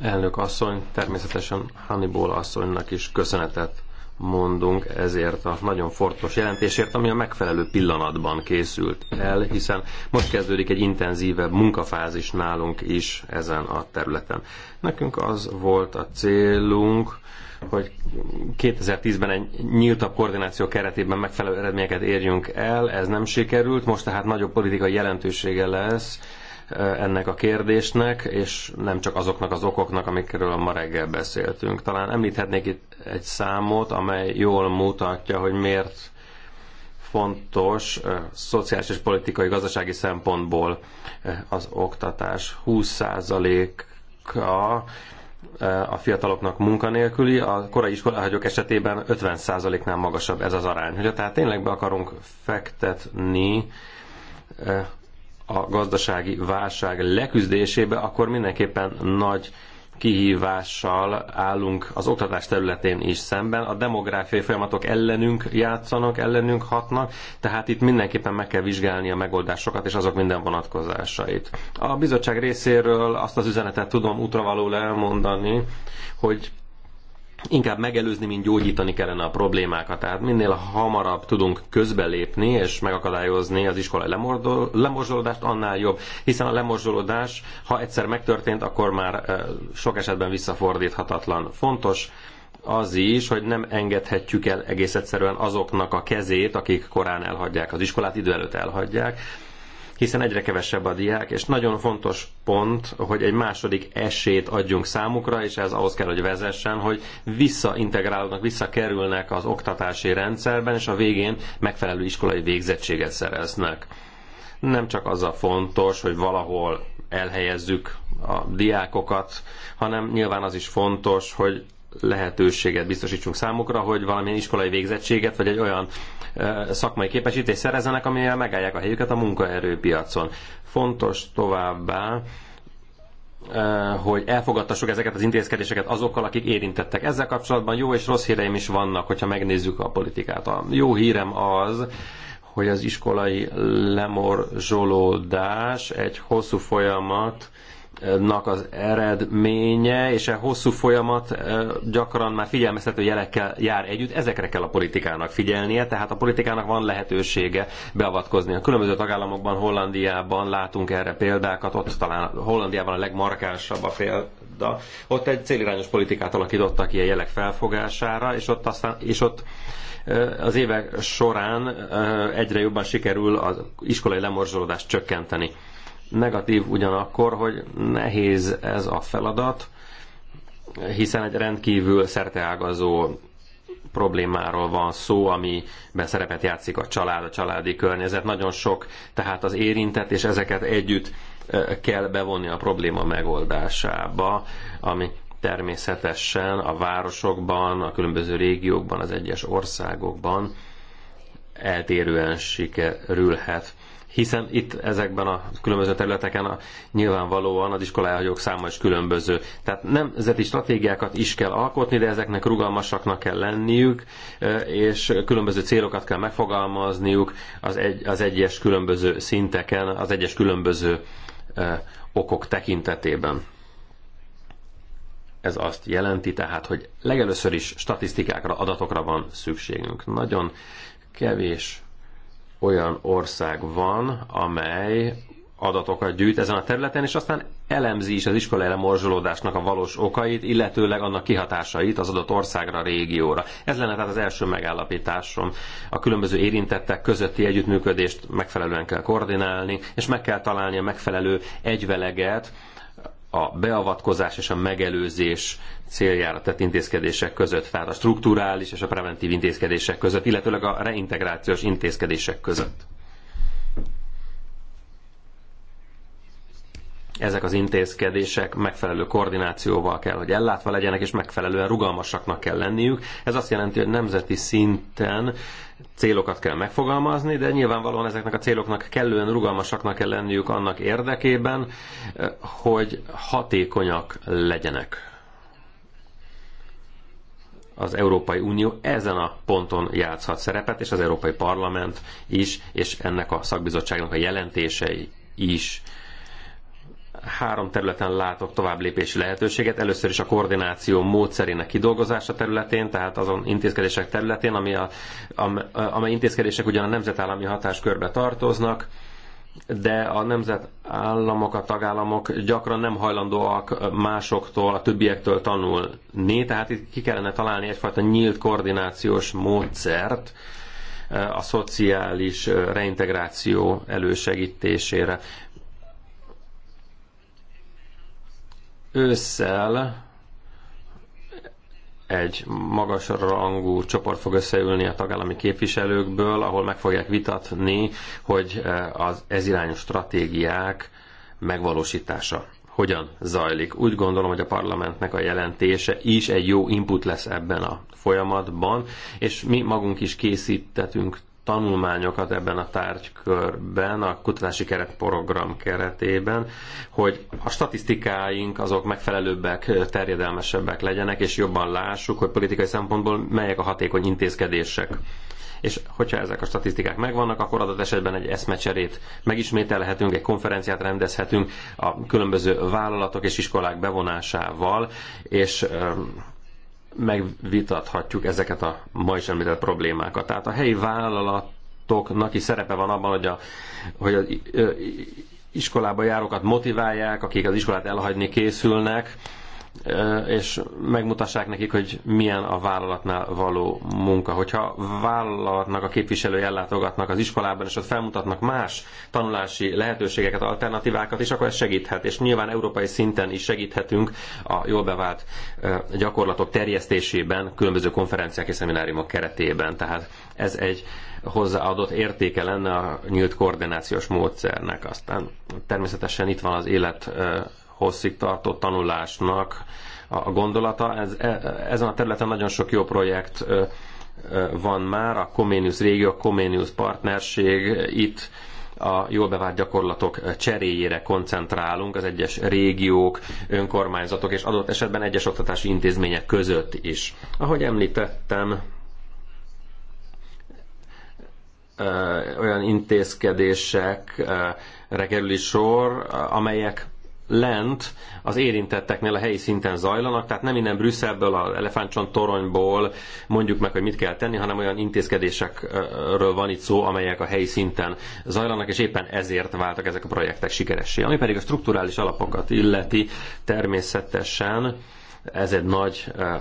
S1: Elnök asszony, természetesen Hannibal asszonynak is köszönetet mondunk ezért a nagyon fontos jelentésért, ami a megfelelő pillanatban készült el, hiszen most kezdődik egy intenzívebb munkafázis nálunk is ezen a területen. Nekünk az volt a célunk, hogy 2010-ben egy nyíltabb koordináció keretében megfelelő eredményeket érjünk el, ez nem sikerült, most tehát nagyobb politikai jelentősége lesz Eh, ennek a kérdésnek, és nem csak azoknak az okoknak, amikről ma reggel beszéltünk. Talán említhetnék itt egy számot, amely jól mutatja, hogy miért fontos eh, szociális és politikai, gazdasági szempontból eh, az oktatás. 20%-a a fiataloknak munkanélküli, a korai iskolahagyók esetében 50%-nál magasabb ez az arány. Hogyha tehát tényleg be akarunk fektetni a gazdasági válság leküzdésébe, akkor mindenképpen nagy kihívással állunk az oktatás területén is szemben. A demográfiai folyamatok ellenünk játszanak, ellenünk hatnak, tehát itt mindenképpen meg kell vizsgálni a megoldásokat és azok minden vonatkozásait. A bizottság részéről azt az üzenetet tudom útravalóra elmondani, hogy inkább megelőzni, mint gyógyítani kellene a problémákat. Tehát minél hamarabb tudunk közbelépni és megakadályozni az iskolai lemorzsolódást, annál jobb. Hiszen a lemorzsolódás, ha egyszer megtörtént, akkor már sok esetben visszafordíthatatlan. Fontos az is, hogy nem engedhetjük el egész egyszerűen azoknak a kezét, akik korán elhagyják az iskolát, idő előtt elhagyják, hiszen egyre kevesebb a diák, és nagyon fontos pont, hogy egy második esélyt adjunk számukra, és ez ahhoz kell, hogy vezessen, hogy visszaintegrálódnak, visszakerülnek az oktatási rendszerben, és a végén megfelelő iskolai végzettséget szereznek. Nem csak az a fontos, hogy valahol elhelyezzük a diákokat, hanem nyilván az is fontos, hogy lehetőséget biztosítsunk számukra, hogy valamilyen iskolai végzettséget, vagy egy olyan szakmai képesítést szerezzenek, amivel megállják a helyüket a munkaerőpiacon. Fontos továbbá, hogy elfogadtassuk ezeket az intézkedéseket azokkal, akik érintettek. Ezzel kapcsolatban jó és rossz híreim is vannak, hogyha megnézzük a politikát. A jó hírem az, hogy az iskolai lemorzsolódás egy hosszú folyamat, nak az eredménye, és a e hosszú folyamat e, gyakran már figyelmeztető jelekkel jár együtt, ezekre kell a politikának figyelnie, tehát a politikának van lehetősége beavatkozni. A különböző tagállamokban, Hollandiában látunk erre példákat, ott talán Hollandiában a legmarkánsabb a példa. Ott egy célirányos politikát alakítottak ki a jelek felfogására, és ott aztán, és ott e, az évek során egyre jobban sikerül az iskolai lemorzsolódást csökkenteni Negatív ugyanakkor, hogy nehéz ez a feladat, hiszen egy rendkívül szerteágazó problémáról van szó, amiben szerepet játszik a család, a családi környezet. Nagyon sok tehát az érintett, és ezeket együtt kell bevonni a probléma megoldásába, ami természetesen a városokban, a különböző régiókban, az egyes országokban eltérően sikerülhet hiszen itt ezekben a különböző területeken a, nyilvánvalóan az iskolájog száma is különböző. Tehát nemzeti stratégiákat is kell alkotni, de ezeknek rugalmasaknak kell lenniük, és különböző célokat kell megfogalmazniuk az, egy, az egyes különböző szinteken, az egyes különböző okok tekintetében. Ez azt jelenti tehát, hogy legelőször is statisztikákra, adatokra van szükségünk. Nagyon kevés olyan ország van, amely adatokat gyűjt ezen a területen, és aztán elemzi is az iskolai lemorzsolódásnak a valós okait, illetőleg annak kihatásait az adott országra, a régióra. Ez lenne tehát az első megállapításom. A különböző érintettek közötti együttműködést megfelelően kell koordinálni, és meg kell találni a megfelelő egyveleget, a beavatkozás és a megelőzés céljára tett intézkedések között, tehát a strukturális és a preventív intézkedések között, illetőleg a reintegrációs intézkedések között. ezek az intézkedések megfelelő koordinációval kell, hogy ellátva legyenek, és megfelelően rugalmasaknak kell lenniük. Ez azt jelenti, hogy nemzeti szinten célokat kell megfogalmazni, de nyilvánvalóan ezeknek a céloknak kellően rugalmasaknak kell lenniük annak érdekében, eh, hogy hatékonyak legyenek. Az Európai Unió ezen a ponton játszhat szerepet, és az Európai Parlament is, és ennek a szakbizottságnak a jelentései is három területen látok tovább lépési lehetőséget. Először is a koordináció módszerének kidolgozása területén, tehát azon intézkedések területén, ami a, am, amely intézkedések ugyan a nemzetállami hatáskörbe tartoznak, de a nemzetállamok, a tagállamok gyakran nem hajlandóak másoktól, a többiektől tanulni, tehát itt ki kellene találni egyfajta nyílt koordinációs módszert, eh, a szociális eh, reintegráció elősegítésére. Ősszel egy magas rangú csoport fog összeülni a tagállami képviselőkből, ahol meg fogják vitatni, hogy eh, az ez irányú stratégiák megvalósítása hogyan zajlik. Úgy gondolom, hogy a parlamentnek a jelentése is egy jó input lesz ebben a folyamatban, és mi magunk is készítettünk tanulmányokat ebben a tárgykörben, a kutatási keretprogram keretében, hogy a statisztikáink azok megfelelőbbek, terjedelmesebbek legyenek, és jobban lássuk, hogy politikai szempontból melyek a hatékony intézkedések. És hogyha ezek a statisztikák megvannak, akkor adott esetben egy eszmecserét megismételhetünk, egy konferenciát rendezhetünk a különböző vállalatok és iskolák bevonásával, és megvitathatjuk ezeket a ma is említett problémákat. Tehát a helyi vállalatoknak is szerepe van abban, hogy, a, hogy az iskolába járókat motiválják, akik az iskolát elhagyni készülnek, és megmutassák nekik, hogy milyen a vállalatnál való munka. Hogyha vállalatnak a képviselői ellátogatnak az iskolában, és ott felmutatnak más tanulási lehetőségeket, alternatívákat, és akkor ez segíthet. És nyilván európai szinten is segíthetünk a jól bevált gyakorlatok terjesztésében, különböző konferenciák és szemináriumok keretében. Tehát ez egy hozzáadott értéke lenne a nyílt koordinációs módszernek. Aztán természetesen itt van az élet hosszig tartó tanulásnak a gondolata. Ez, e, ezen a területen nagyon sok jó projekt van már, a Comenius régió, a Comenius partnerség, itt a jól bevált gyakorlatok cseréjére koncentrálunk az egyes régiók, önkormányzatok és adott esetben egyes oktatási intézmények között is. Ahogy említettem, olyan intézkedésekre kerül is sor, amelyek lent az érintetteknél a helyi szinten zajlanak, tehát nem innen Brüsszelből, az elefántcsont toronyból mondjuk meg, hogy mit kell tenni, hanem olyan intézkedésekről van itt szó, amelyek a helyi szinten zajlanak, és éppen ezért váltak ezek a projektek sikeressé. Ami pedig a strukturális alapokat illeti, természetesen ez egy nagy eh,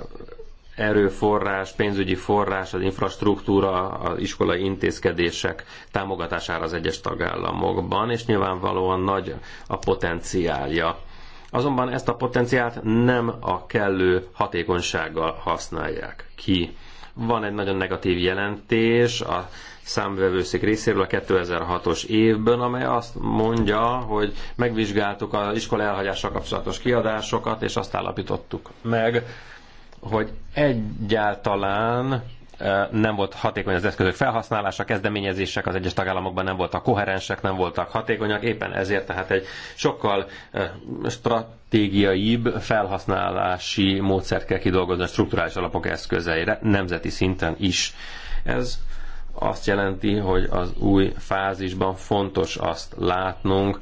S1: erőforrás, pénzügyi forrás, az infrastruktúra, az iskolai intézkedések támogatására az egyes tagállamokban, és nyilvánvalóan nagy a potenciálja. Azonban ezt a potenciált nem a kellő hatékonysággal használják ki. Van egy nagyon negatív jelentés a számvevőszék részéről a 2006-os évben, amely azt mondja, hogy megvizsgáltuk az iskola elhagyással kapcsolatos kiadásokat, és azt állapítottuk meg, hogy egyáltalán e, nem volt hatékony az eszközök felhasználása, kezdeményezések az egyes tagállamokban nem voltak koherensek, nem voltak hatékonyak, éppen ezért tehát egy sokkal e, stratégiaibb felhasználási módszert kell kidolgozni a strukturális alapok eszközeire, nemzeti szinten is. Ez azt jelenti, hogy az új fázisban fontos azt látnunk,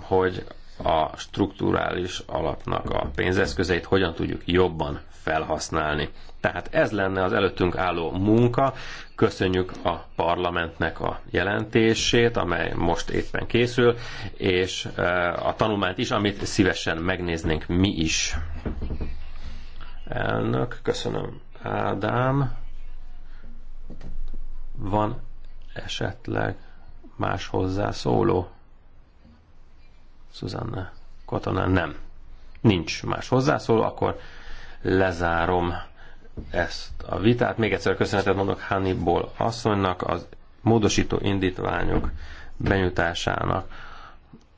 S1: hogy a strukturális alapnak a pénzeszközeit hogyan tudjuk jobban felhasználni. Tehát ez lenne az előttünk álló munka. Köszönjük a parlamentnek a jelentését, amely most éppen készül, és e, a tanulmányt is, amit szívesen megnéznénk mi is. Elnök, köszönöm. Ádám, van esetleg más hozzászóló? Szuzanna Katona, nem. Nincs más hozzászóló, akkor lezárom ezt a vitát. Még egyszer köszönetet mondok Hannibal asszonynak, az módosító indítványok benyújtásának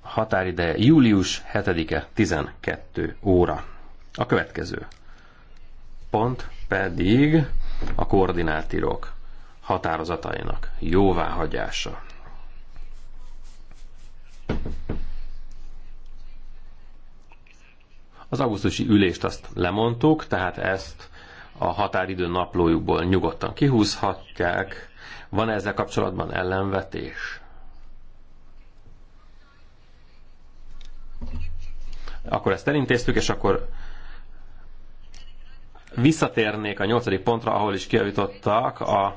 S1: határideje július 7-e 12 óra. A következő pont pedig a koordinátírok határozatainak jóváhagyása. Az augusztusi ülést azt lemondtuk, tehát ezt a határidő naplójukból nyugodtan kihúzhatják. Van -e ezzel kapcsolatban ellenvetés? Akkor ezt elintéztük, és akkor visszatérnék a nyolcadik pontra, ahol is kiavítottak, a,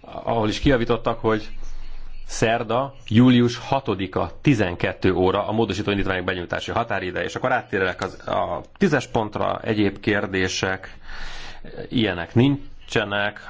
S1: ahol is kiavítottak, hogy szerda, július 6-a 12 óra a módosító indítványok benyújtási határideje, és akkor áttérek az, a tízes pontra, egyéb kérdések, ilyenek nincsenek.